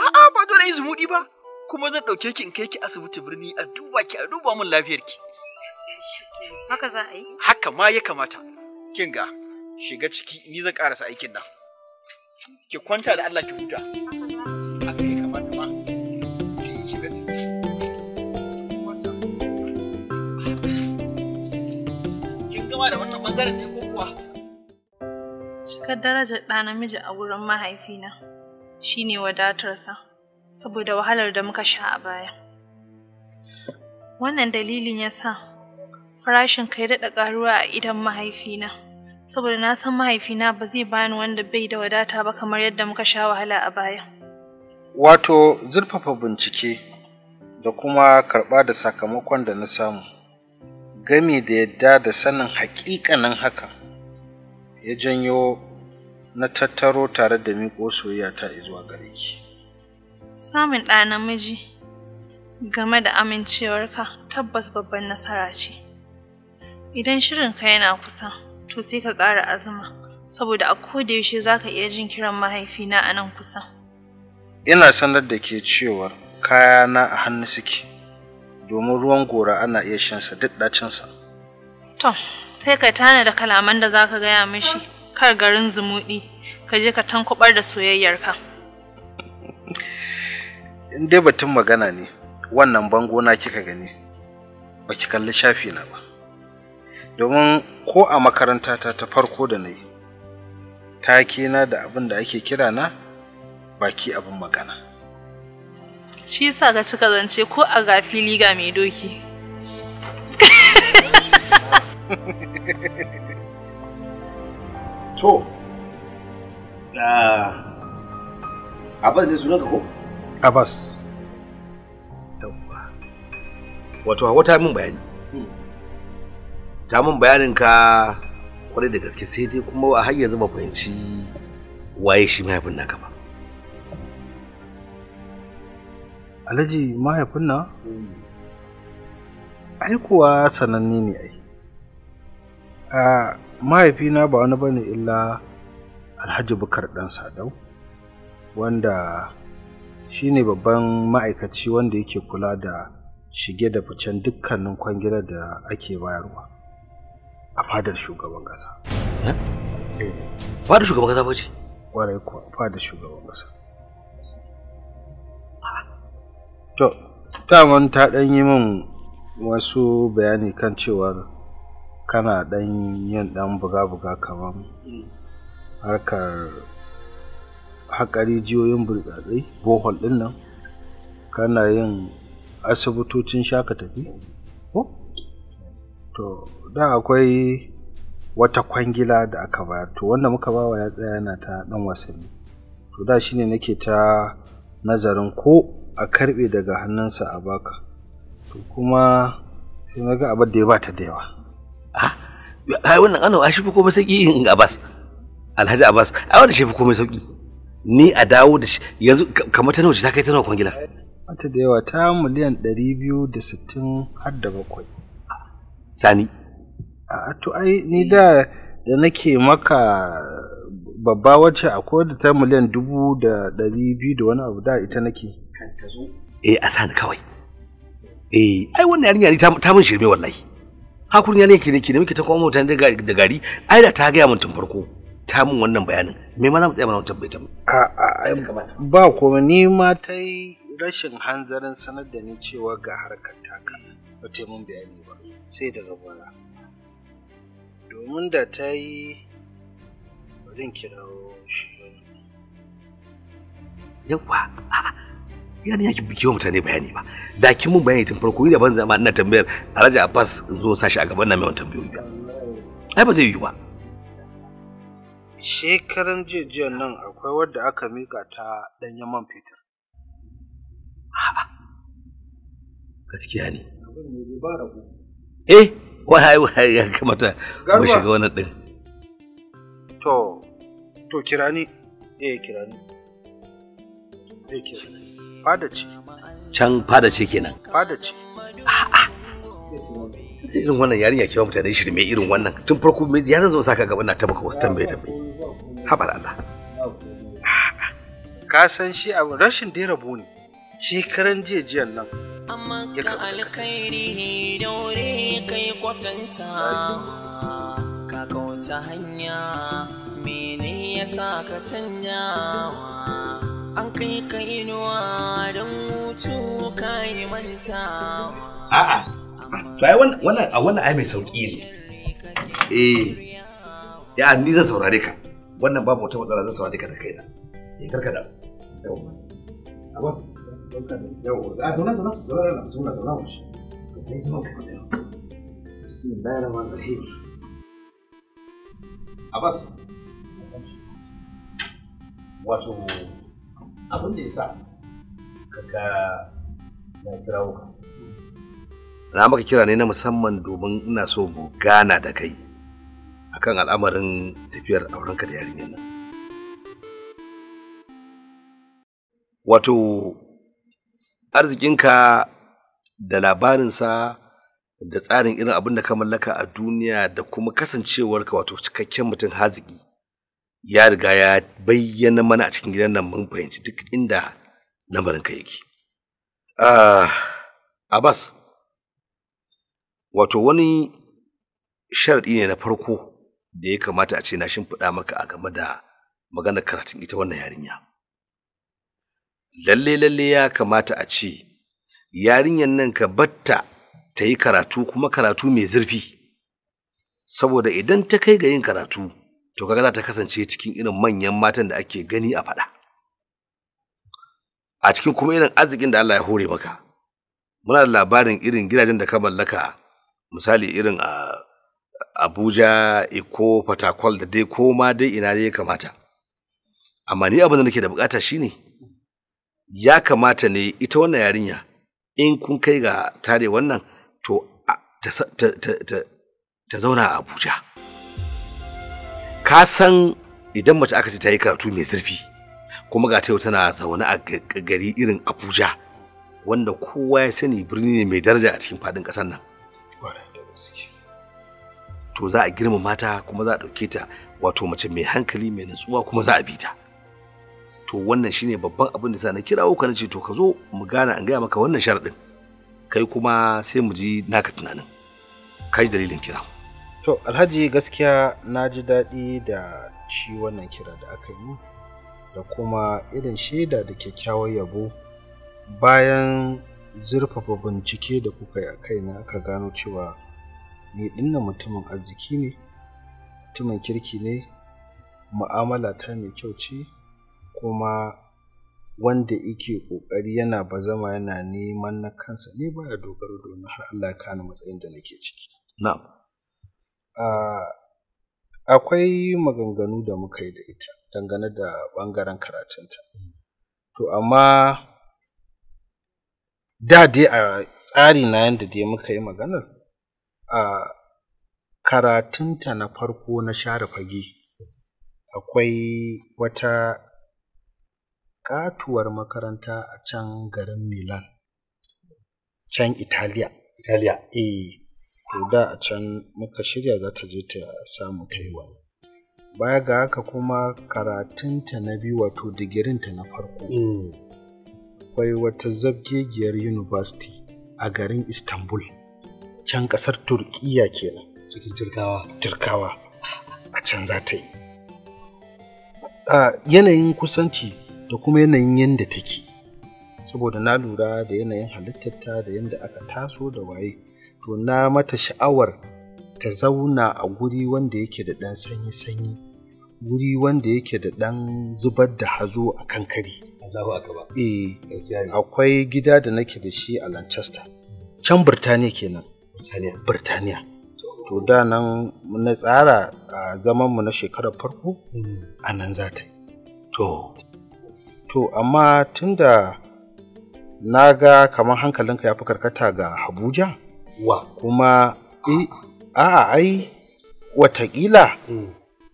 a'a ba dole yin zumuɗi ba kuma zan ɗauke ki in kai ki asibiti birni a duba ki a duba min lafiyar ki haka za a yi haka ma ya kamata kin ga shiga ciki ni zan karasa aikin nan ki kwanta da Allah ki huta haka ya kamata bangaren ne ko kuwa? Cikar darajar ɗa namiji a wurin mahaifina shine ne wadatarsa, saboda wahalar da muka sha a baya. Wannan dalilin ya sa farashin kai daɗa ƙaruwa a idan mahaifina, saboda na san mahaifina ba zai bani wanda bai da wadata ba kamar yadda muka sha wahala a baya. Wato zurfafa bincike da kuma karɓa da sakamakon da na samu. gami da yadda da sanin haƙiƙanin hakan ya janyo na tattaro tare da miƙo soyayya ta zuwa gare ki samun ɗa namiji game da amincewarka tabbas babban nasara ce idan shirin ka yana kusa to sai ka ƙara azuma saboda a yaushe za ka iya jin kiran mahaifina a nan kusa ina sanar da ke cewar kayana a hannu suke domin ruwan gora ana iya shan sa duk ɗacinsa. To, sai ka tana da kalaman da zaka ka gaya mishi kar garin zumuɗi ka je ka tankubar da soyayyarka. In dai batun magana ne, wannan bango na kika gani, ba ki kalli shafi na ba. Domin ko a makarantata ta farko da na yi, take na da abin da ake kira na baki abin magana. shi yasa ka cika zance ko a ga fili ga mai doki to abas ne ka ko abas wato hawa ta min bayani hmm. ta min bayanin ka kwarai da gaske sai dai kuma a har yanzu ba fahimci waye shi mahaifin naka ba alhaji mahaifin nan? Hmm. ai kuwa sananne ne ai a mahaifina ba wani bane illa alhaji bukar dan sadau wanda shi ne babban ma'aikaci wanda yake kula da shige da ficen dukkanin kwangilar da ake bayarwa a fadar shugaban ƙasa. Eh? Eh. fadar shugaban ƙasa ba ce? kuwa fadar shugaban ƙasa. To, daman ta ɗan yi min wasu bayani kan cewar kana ɗan yin ɗan buga-buga kamar harkar haƙari jiyoyin burtsatsai bohol ɗin nan kana yin asibitocin shaka tafi ko to da akwai wata kwangila da aka bayar to wanda muka bawa ya tsaya yana ta ɗan wasanni to da shine nake ta nazarin ko a karbe daga hannunsa a baka to kuma sai na ga abin da ya bata da yawa ah, ai wannan ano shi ko mai sauki in abbas alhaji abbas ai wannan shi ko mai sauki ni a dawo da shi yanzu kamar ta nawa ta kai ta nawa kwangila mata da yawa ta miliyan ɗari biyu da sittin har da bakwai sani a to ai ni da da nake maka babba wacce akwai da ta miliyan dubu da ɗari biyu da wani abu da ita nake kan ta zo eh a sani kawai eh ai wannan yarinya ne ta min shirme wallahi hakurin yarinya ke ne ke ne muke ta kuma mutane da gari ai da ta gaya mun tun farko ta min wannan bayanin me ma za mu tsaya mana wata baita a ba kuma ni ma ta yi rashin hanzarin sanar da ni cewa ga harkar taka ba ta mun bayani ba sai daga baya domin da ta yi bari kirawo shi yawa a'a yarinya ki biki wa mutane bayani ba da kin mun bayani tun farko idan ban zama ina tambayar Alhaji Abbas zo sashi a gaban na mai tambayoyi ba ai ba zai yi ba shekaran jiya nan akwai wadda aka mika ta dan man fetur a'a gaskiya ne eh wai ya kamata mu shiga wannan din to to kirani eh kirani zai kira Fada ce. Can fada ce kenan. Fada ce. A'a. Irin wannan yarinya kewa mutane shirme irin wannan tun farko ya zan zo saka gaba na tabaka wasu tambaye tambaye. Habar Allah. Ka san shi a rashin dai rabu ne. Shekaran jiya jiyan nan. ya ka alkhairi daure kai kwatanta. Ka wata hanya mene ya sa ka canjawa. an kai ka inuwa don mutu ka yi manta a'a to ai wannan a wannan ai mai sauƙi ne eh ya ni zan saurare ka wannan babu wata matsala zan saurare ka da kaina eh karka da yawa abbas karka da Yau, a zauna zauna zauna zauna zauna zauna mu shi sai zama ku da yawa bismillahir rahmanir rahim abbas wato abin da ya sa kirawo na maka kira ne na musamman domin ina so mu gana da kai akan al'amarin tafiyar aurenka da yarinyar nan wato arzikinka da labarinsa da tsarin irin abin da ka mallaka a duniya da kuma kasancewarka wato cikakken mutum haziki ya riga ya bayyana mana a cikin gidan nan mun fahimci duk inda lamarin ka yake. Ah, Abbas, wato wani sharaɗi ne na farko da ya kamata a ce na shimfiɗa maka a game da maganar karatun ita wannan yarinya. Lalle lalle ya kamata a ce yarinyar nan ka batta ta yi karatu kuma karatu mai zurfi, saboda idan ta kai ga yin karatu. to kaga za ta kasance cikin irin manyan matan da ake gani a faɗa a cikin kuma irin arzikin da Allah ya hore maka muna da labarin irin gidajen da ka mallaka misali irin a Abuja Eko Fatakwal da dai koma dai ina ne ya kamata amma ni abin da nake da bukata shine ya kamata ne ita wannan yarinya in kun kai ga tare wannan to ta zauna a Abuja ka san idan mace aka ce ta yi karatu mai zurfi kuma ga yau tana zaune a gari irin abuja wanda kowa ya sani birni ne mai daraja a cikin faɗin ƙasar nan to za a girma mata kuma za a ɗauke ta wato mace mai hankali mai natsuwa kuma za a bi ta to wannan shine babban abin da sa na kirawo ka na ce to ka zo mu gana an gaya maka wannan sharaɗin kai kuma sai mu ji naka tunanin kai dalilin kira to alhaji gaskiya na ji daɗi da shi wannan kira da aka yi da kuma irin shaida da kyakkyawar yabo bayan zurfafa bincike da kuka yi a kaina aka gano cewa ni dinna mutumin arziki ne mutumin kirki ne mu'amala ta mai kyau ce kuma wanda yake ƙoƙari yana ba zama yana neman na kansa ne baya dogaro domin har Allah ya kani matsayin da nake ciki na'am akwai maganganu da muka yi da ita dangane da ɓangaren karatunta to amma da dai a tsari na yadda dai muka yi maganar a karatunta na farko na share fage akwai wata katuwar makaranta a can garin milan can italiya italiya eh to da a can muka shirya za ta je ta samu kaiwa baya ga haka kuma karatunta na biyu wato digirinta na farko mm. akwai wata zabgegiyar university a garin istanbul can kasar turkiya kenan cikin turkawa turkawa a can za ta yi yanayin kusanci da kuma yanayin yadda take saboda na lura da yanayin halittarta da yadda aka taso da waye to na mata sha'awar ta zauna a guri wanda yake da ɗan sanyi-sanyi guri wanda yake da ɗan zubar da hazo a kankari Eh, akwai gida da nake da shi a Lancaster. Can Birtaniya kenan. Birtaniya. Birtaniya. To da nan na tsara a mu na shekarar farko mm. a nan za ta To. To amma tunda na ga kamar hankalinka ya fi karkata ga Abuja. wa kuma a ai watakila mm.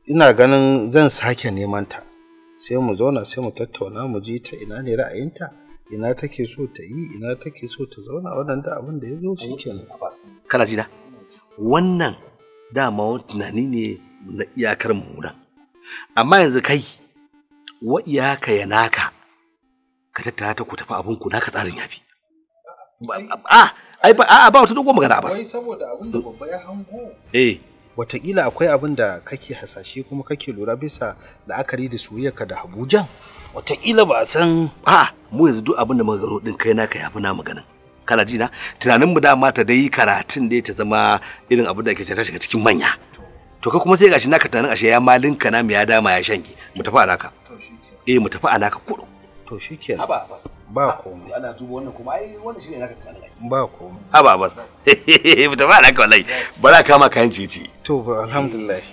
ina ganin zan sake neman ta sai mu zauna sai mu tattauna mu ji ta ina ne ra'ayinta ina take so ta yi ina take so ta zauna wannan da abin da ya zo shi kenan kana ji da wannan dama wani tunani ne na iyakar mu nan amma yanzu kai wa iyaka ya naka ka tattara ta ku tafi abin ku naka tsarin yafi a ai ba a'a ba wata dogon magana ba wai saboda abin da babba ya hango eh watakila akwai abin da kake hasashe kuma kake lura bisa la'akari da soyayya ka da Abuja watakila ba san a mu yanzu duk abin da muka garo din kai naka yafi na maganin kana ji na tunanin mu dama ta dai karatun da ta zama irin abin da ake ta shiga cikin manya to kai kuma sai gashi naka tunanin ashe ya malinka na mu ya dama ya shange mu tafi alaka eh mu tafi alaka kudu to shikenan haba ba komai ana wannan kuma ai wannan shine kana ba komai ha ba bas ba wallahi ba za kama kayan cici to ba alhamdulillah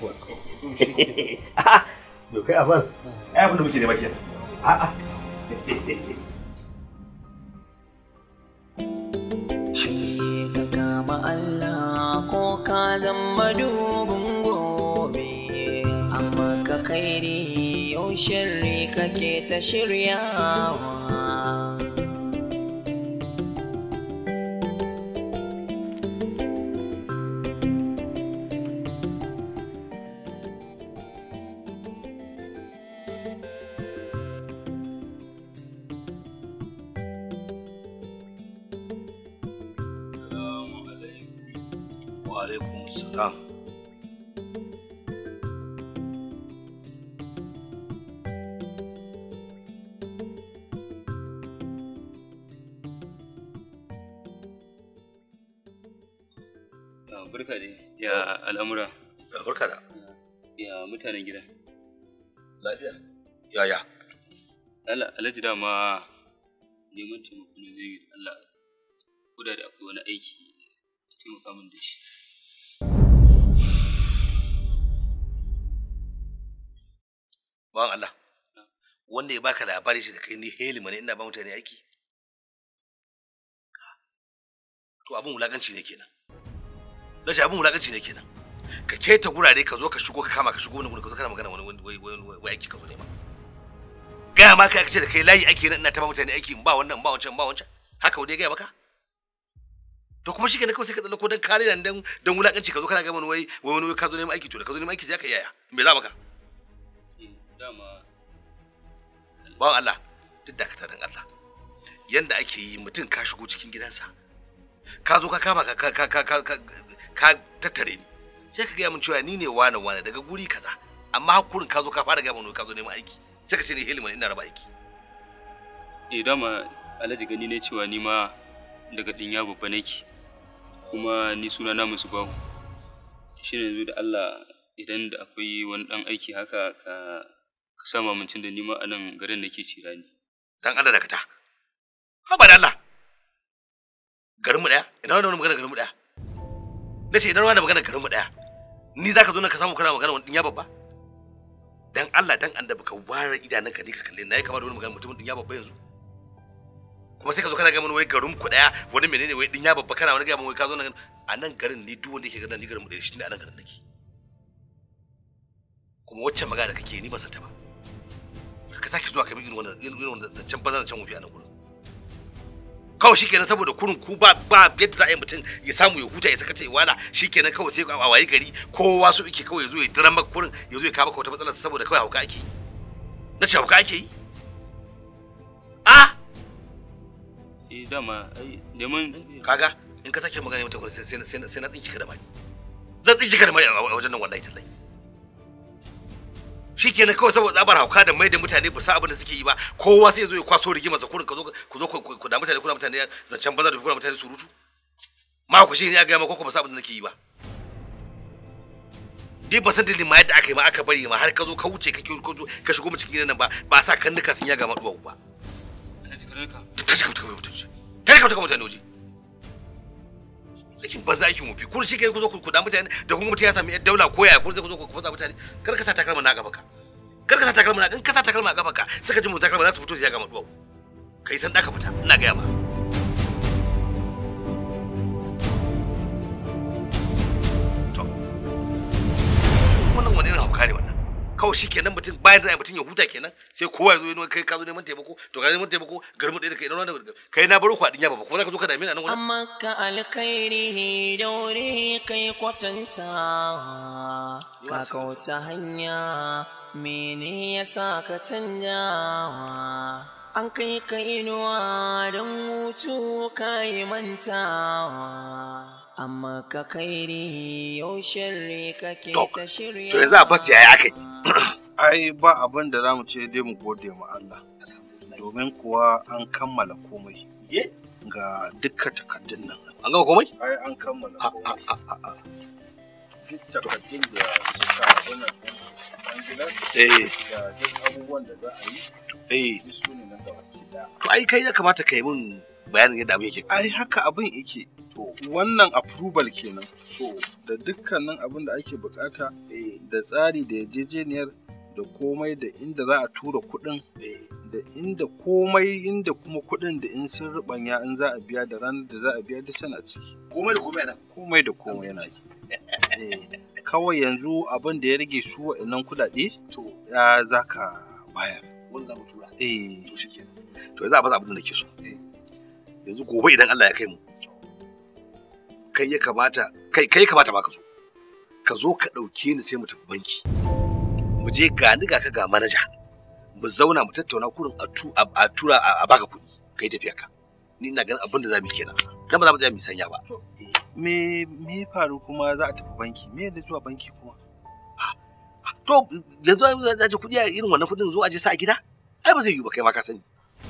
to kai ai abin da muke kenan a a ko ka zama dubin gobe amma ka kai kairi yau shirri kake ta shiryawa Wa alaikum salam. alhaji dama neman taimako na zai da Allah ko da akwai wani aiki taimaka min da shi bawan Allah wanda ya baka labarin shi da kai ni heli mana ina ba mutane aiki to abin wulakanci ne kenan rashin abin wulakanci ne kenan ka keta gurare ka zo ka shigo ka kama ka shigo wani gurin ka zo kana magana wani wani wai aiki ka zo nema gaya ma kai aka ce da kai layi ake ina ta ba mutane aiki ba wannan ba wancan ba wancan haka wadai gaya maka to kuma shi ne kawai sai ka tsallako dan kare nan dan dan wulakanci ka zo kana ga wani wai wani ka zo neman aiki to da ka zo neman aiki sai ka yaya me za maka dama bawan Allah duk ka tarin Allah yanda ake yi mutum ka shigo cikin gidansa ka zo ka kama ka ka ka ka tattare ni sai ka gaya min cewa ni ne wane wane daga guri kaza amma hakurin ka zo ka fara gaya wani ka zo neman aiki sai ka ce ni hilimin ina raba aiki eh dama alhaji gani ne cewa ni ma daga ya babba nake kuma ni suna na musu bahu shi ne yanzu da Allah idan da akwai wani dan aiki haka ka ka sama min da ni ma a nan garin nake cira ni dan Allah dakata haba da Allah garin mu daya idan wani magana garin mu daya nace idan wani magana garin mu daya ni zaka zo na ka samu kana magana wani ya babba dan Allah dan annabi ka ware idanun ka ne ka kalle nayi kamar wani magana mutumin din babba yanzu kuma sai ka zo kana ga mun wai garin ku daya wani menene wai din ya babba kana wani ga mun wai ka zo nan a nan garin ni duk wanda yake garin ni garin mu da shi ne a nan garin nake kuma wacce magana kake ni ba san ta ba ka sake zuwa ka bi irin wannan irin wannan zancen banza zancen wufi a nan gurin kawai shikenan saboda kurin ku ba ba yadda za a yi mutum ya samu ya huta ya saka ya wala shikenan kawai sai a waye gari kowa so yake kawai yazo ya dira maka kurin yazo ya kawo maka wata saboda kawai hauka ake na ce hauka ake yi a eh dama ai neman kaga in ka sake magana mata kurin sai sai na tsinki ka da mai zan tsinki ka da mai a wajen nan wallahi tallahi shikenan kawai saboda tsabar hauka da mai da mutane ba sa abin da suke yi ba kowa sai ya zo ya kwaso rigima za kurin ka zo ku zo ku da mutane kuna mutane zancen banza da kuna mutane surutu ma ku shine ya a ga ma ko ba sa abin da nake yi ba ni ba san da ma yadda aka yi ma aka bari ma har ka zo ka wuce ka kiyo ka shigo mu cikin gidan nan ba ba sa kannuka sun ya ga maduwa ba ta ka ta ka mutane waje Lakin ba za ki mu kun shi kai ku zo ku kuda mutane da kuma mutum ya sami daula ko yaya kun sai ku zo ku fasa mutane kar ka sa takalma na gaba ka kar ka sa takalma na in ka sa takalma a gaba ka saka ji mu takalma za su fito su ya gama duwawu kai san da ka fita ina ga ma. kawai shi kenan mutum bayan da mutum ya huta kenan sai kowa ya zo yana kai ka zo neman taimako to ga neman taimako garin da kai na kai na baro ku a dinya ba kuma zaka zo ka dame ni nan wurin amma ka alkhairihi daure kai kwatanta ka kauta hanya mene yasa ka canja an kai ka inuwa don hutu ka yi mantawa amma ka kairi yau shirri kake ta shirya to yanzu abbas yaya aka yi ai ba abin da za mu ce dai mu gode ma Allah domin kuwa an kammala komai ga dukkan takardun nan an gama komai ai an kammala komai duk takardun da suka wannan gidan eh. da abubuwan da za a yi eh su ne nan gaba ki da to ai kai ya kamata ka yi mun bayan yadda abin yake ai haka abin yake to wannan approval kenan to da dukkanin abin da ake bukata eh. da tsari da yarjejeniyar da komai da inda za a tura kuɗin eh. da inda komai inda kuma kuɗin da in sun rubanya in za a biya da ranar da za a biya duk sana ciki komai da komai yana komai da komai yana eh. kawai yanzu abin da ya rage su wa'annan kudade, to ya zaka bayar wanda za mu tura eh to shikenan to yanzu a baza abin da ke so eh yanzu gobe idan Allah ya kai mu kai ya kamata kai kai kamata ma ka zo ka zo ka dauke ni sai mu tafi banki mu je ga ni ga ka ga manaja mu zauna mu tattauna kurin a tura a baka kuɗi kai tafiya ka ni ina ganin abin da za mu kenan dan ba za mu je mu sanya ba me me faru kuma za a tafi banki me da zuwa banki kuma ah, ah, to yanzu za a je kuɗi a irin wannan kuɗin zo a je sa a gida ai ba zai yiwu ba kai ma ka sani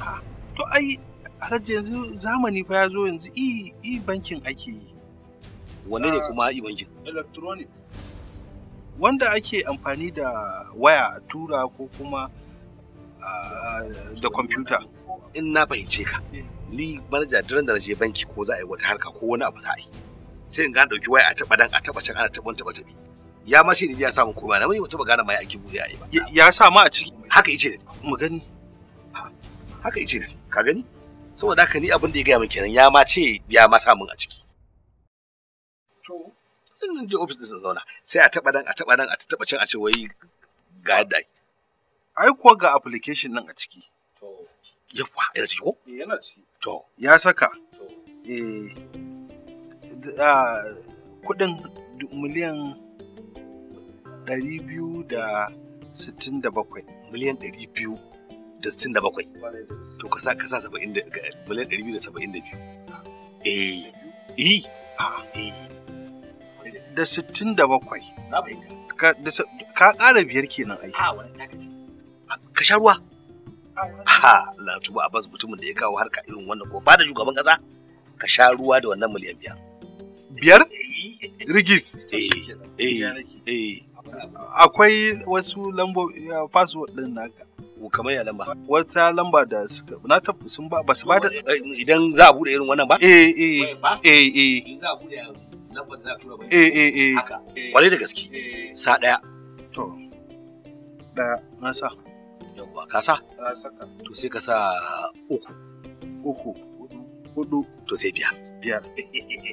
ah, to ai Har yanzu zamani fa ya zo yanzu e, e bankin ake yi wanne ne ah. kuma e bankin electronic wanda ake amfani da waya a tura ko kuma da kwamfuta in na fahimce ka eh. ni manaja duran da na je banki ko za a yi wata harka ko wani abu za a yi sai in gane dauki waya a taba dan a taba can ana taban taba tabi ya ma shi ne ya samu koma na mani mutum gane ma ya ake buɗe a yi ba ya sa ma a ciki haka ice da mu gani haka ice ka gani saboda haka ni abin da ya gaya min kenan ya ma ce ya ma samun a ciki to in je ofis din zauna sai a taba dan a taba dan a taba can a ce wai ga yadda ai kuwa ga application nan a ciki to yawa yana ciki ko eh, yana ciki to ya saka eh ah, kudin miliyan ɗari biyu da sittin da bakwai miliyan ɗari biyu da sittin da bakwai to kasa sa ka saba'in da miliyan ɗari biyu da saba'in da biyu eh eh ah, eh da sittin da bakwai ka ƙara biyar kenan ai ka sha ruwa ha latubu abbas mutumin da ya kawo harka irin wannan ko ba da shugaban ƙasa ka sha ruwa da wannan miliyan biyar biyar eh. rigis eh, eh, akwai wasu lambo password din naka kamar ya lamba wata lamba da suka na tafi sun ba su ba da eh, idan za a bude irin wannan ba eh eh eh eh eh za a bude lambar da za a tura ba eh eh eh haka kwarai da gaske eh. sa daya to da na sa yawwa ka sa na saka to sai ka sa uku uku hudu to sai biyar biyar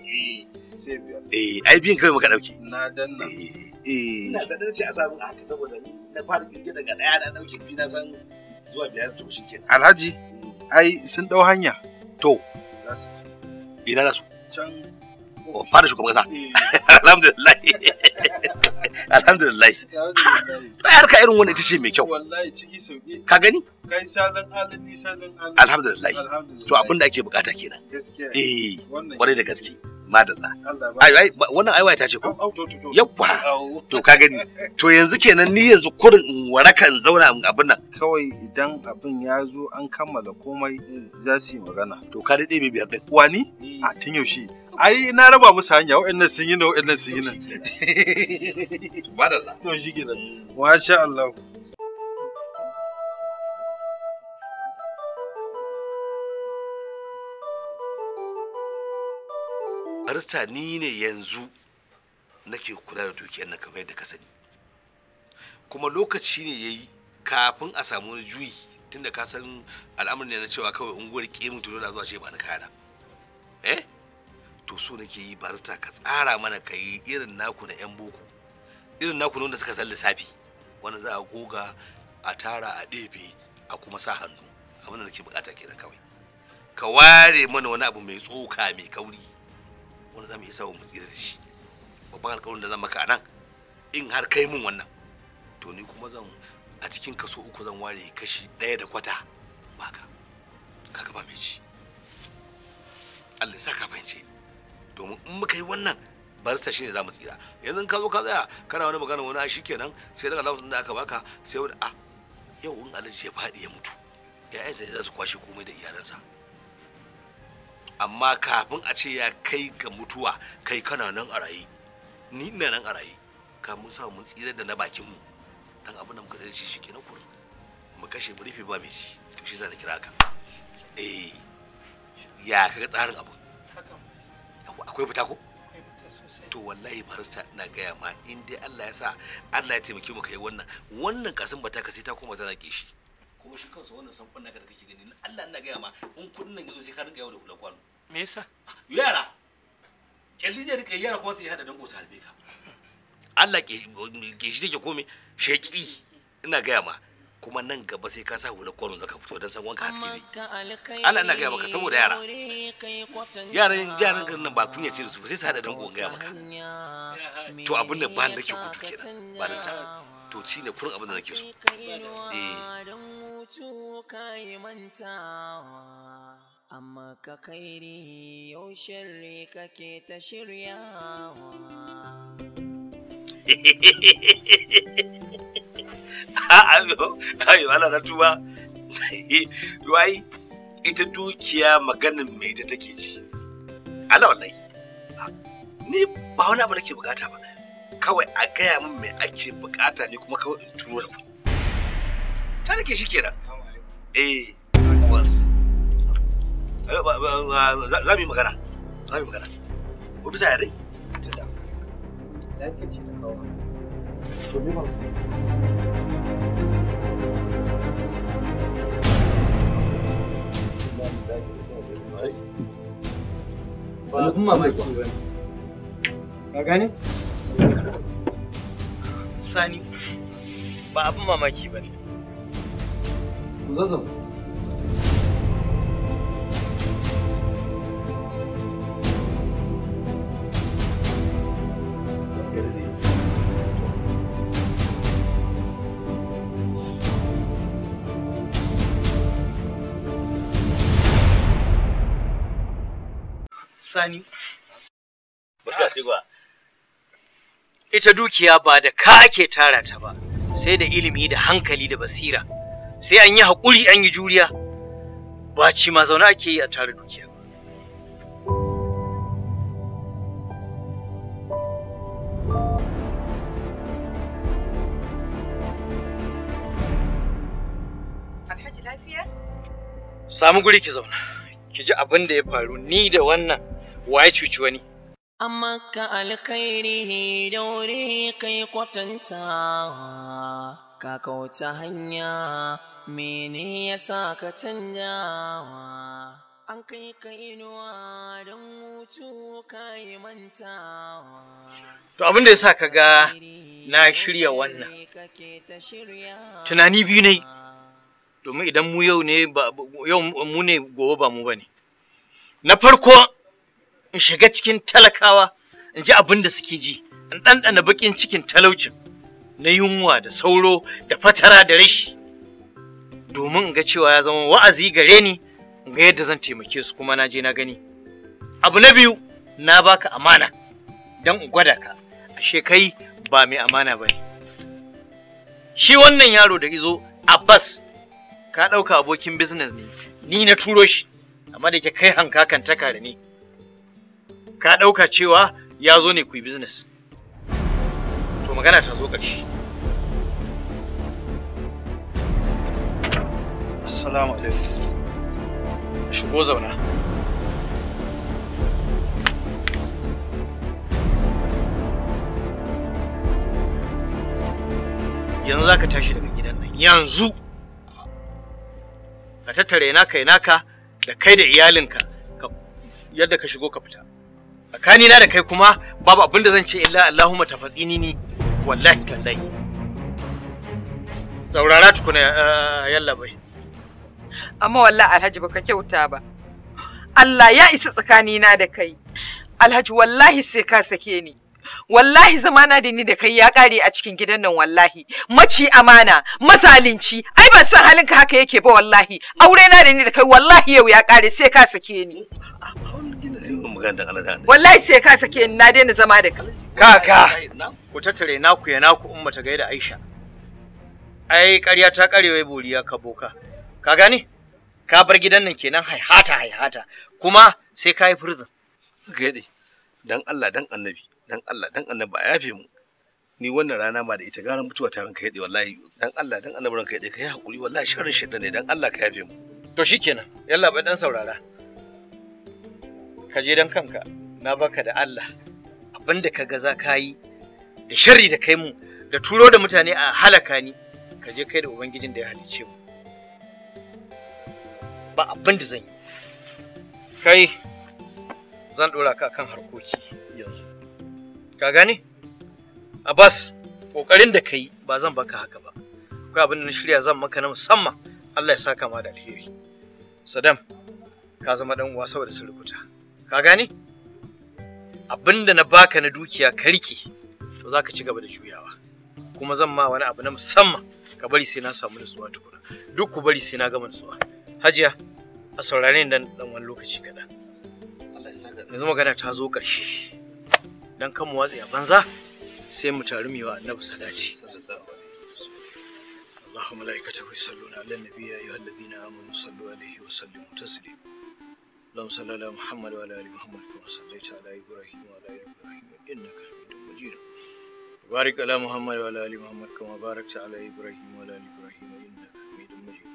sai biyar eh ai biyan kai maka dauke na danna eh Eh, ina sanar shi a samu haka saboda na fara girge daga daya na dauke bi na san zuwa biyar to shi alhaji mm. ai sun dau hanya to ina da su can fara shugaban kasa eh. alhamdulillah alhamdulillah to ai harka irin wannan ita ce mai kyau wallahi ciki sauki ka gani kai salan halin ni salan halin alhamdulillah to abin da ake bukata kenan gaskiya eh kwarai da gaske madalla ai ai wannan aiwaya ta ce ko yabba to ka gani to yanzu kenan ni yanzu kurin in waraka in zauna abin nan kawai idan abin ya zo an kammala komai mm. za su yi magana to ka dai bai biyar din wani eh. a tun yaushe ai na raba musu hanya waɗannan sun yi na waɗannan sun yi na shi Allah barista ni ne yanzu nake kula da dukiyar na kamar yadda ka sani kuma lokaci ne ya yi kafin a samu wani juyi tunda ka san al'amarin ne na cewa kawai unguwar ƙemu tuno da zuwa ce ba na kayana eh to so nake yi barista ka tsara mana ka yi irin naku na 'yan boko irin naku wanda suka san lissafi wanda za a goga a tara a ɗefe a kuma sa hannu abin da nake bukata kenan kawai ka ware mana wani abu mai tsoka mai kauri wanda za mu isa wa mu tsira da shi babban alƙawarin da zan maka a nan in har kai mun wannan to ni kuma zan a cikin kaso uku zan ware kashi ɗaya da kwata baka kaga ba mai ci Allah ya saka fahimce domin in muka yi wannan barsa shine za mu tsira yanzu ka zo ka tsaya kana wani magana wani shi kenan sai daga lafazin da aka baka sai wani a ah, yau in alaji ya faɗi ya mutu ya'yansa za su kwashe komai da iyalansa amma kafin a ce ya kai ga mutuwa kai kana nan a raye ni ina nan a raye mun sa mun tsira da na bakin mu dan abin da muka zai shi kenan kurin mu kashe mu rufe ba mai shi to shi za na kira ka eh ya kaga tsarin abu akwai fita ko to wallahi barista na gaya ma in dai Allah ya sa Allah ya taimake mu kai wannan wannan kasin bata ka sai ta koma tana ke shi kuma shi kansa wannan sankon ka da kake gani Allah na gaya ma in kudin nan yazo sai ka rinka yau da kula kwano me yasa yara kyalli je rika yara kuma sai ya hada dango su harbe ka Allah ke shi take komai sheki ina gaya ma kuma nan gaba sai ka sa hula kwano zaka fito dan san wanka haske zai Allah ina gaya maka saboda yara yaran yaran garin nan ba kunya ce su sai sa da dan gaya maka to abin da ba nake kudu kenan ba da ta to shine kurin abin da nake so eh amma ka kairi yau shirri kake ta shiryawa ayo Allah na tuba to ita dukiya maganin me ita take ci ala wallahi ni ba wani abu nake bukata ba kawai a gaya min me ake bukata ne kuma kawai in turo da ta nake shi kenan eh za mu yi magana za mu yi magana ko bisa yare lafiya ce ta kawo ba abin mamaki ba ka sani ba mamaki ba ne ku zazzaba Sani. Ita dukiya ba da ka ake tara ta ba, sai da ilimi da hankali da basira. Sai an yi haƙuri an yi juriya. Ba ci ma zauna ake yi a tara dukiya. Samu guri ki zauna. Ki ji abin da ya faru ni da wannan waye cuci wani amma ka alkhairihi daure kai kwatanta ka kauta hanya mene ya sa ka canjawa an kai ka inuwa don mutu ka yi mantawa to abin da ya sa ka ga na shirya wannan tunani biyu ne domin idan mu yau ne yau mu ne gobe ba mu ba ne na farko in shiga cikin talakawa in ji abin da suke ji in ɗanɗana baƙin cikin talaucin na yunwa da sauro da fatara da rashi domin in ga cewa ya zama wa'azi gare ni in ga yadda zan taimake su kuma na je na gani abu na biyu na baka amana don in gwada ka ashe kai ba mai amana ba shi wannan yaro da izo abbas ka ɗauka abokin biznes ne ni na turo shi amma da ke kai hankakan taka da ne ka ɗauka cewa ya zo ne ku yi business to magana ta zo ƙarshe assalamu alaikum shigo zauna yanzu za ka tashi daga gidan nan yanzu ka tattare naka naka da kai da iyalinka yadda ka shigo ka fita tsakani na da kai kuma babu abin da zan ce illa Allahumma tafatsini ni wallahi tallahi saurara tukuna yalla bai amma wallahi Alhaji baka kyauta ba Allah ya isa tsakani na da kai Alhaji wallahi sai ka sake ni wallahi zamana da ni da kai ya kare a cikin gidan nan wallahi maci amana mazalinci ai ban san halinka haka yake ba wallahi aure na da ni da kai wallahi yau ya kare sai ka sake ni wallahi sai ka sake ni na daina zama da kai kaka ku tattare naku ya naku umma ta gaida Aisha ai ƙarya ta ƙarewa boriya ka boka ka gani ka bar gidan nan kenan haihata haihata kuma sai ka yi prison gaide dan Allah dan annabi dan Allah dan annabi a yafe mu ni wannan rana ma da ita garan mutuwa ta ranka yade wallahi dan Allah dan annabi ranka yade kai hakuri wallahi sharrin shedda ne dan Allah ka yafe mu to shikenan yalla bai dan saurara ka je don kanka na baka da Allah abin da ka ga za ka yi da sharri da kai mu da turo da mutane a halaka ni ka je kai da ubangijin da ya halice mu ba abin da zan yi kai zan ɗora ka kan harkoki yanzu ka gane abbas ƙoƙarin da ka yi ba zan baka haka ba akwai abin da na shirya zan maka na musamman allah ya saka ma da alheri sadam ka zama dan uwa saboda surukuta ka gane abinda na baka na dukiya ka rike to zaka ci gaba da juyawa kuma zan ma wani abu na musamman ka bari sai na samu nutsuwa tukuna duk ku bari sai na gama nutsuwa hajiya a saurare ni dan dan wani lokaci kaɗan yanzu magana ta zo ƙarshe dan kan mu watsi a banza sai mu taru mu yi wa annabi sadaci اللهم ملائكته صلونا على النبي يا الذين آمنوا صلوا عليه وسلموا تسليما اللهم صل على محمد وعلى ال محمد كما صليت على ابراهيم وعلى ال ابراهيم انك حميد مجيد وبارك على محمد وعلى ال محمد كما باركت على ابراهيم وعلى ال ابراهيم انك حميد مجيد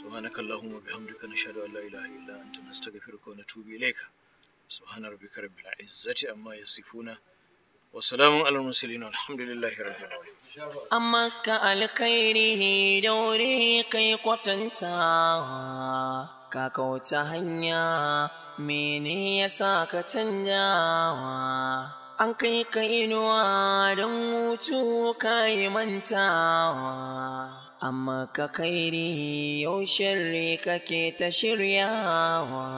سبحانك اللهم وبحمدك نشهد ان لا اله الا انت نستغفرك ونتوب اليك سبحان ربك رب العزه عما يصفون وسلام على المرسلين والحمد لله رب العالمين أما كالخيره دوره كي قتنتا ka kauta hanya mene ya sa ka canjawa an kai ka inuwa don hutu ka yi mantawa amma ka kairi yau shirri kake ta shiryawa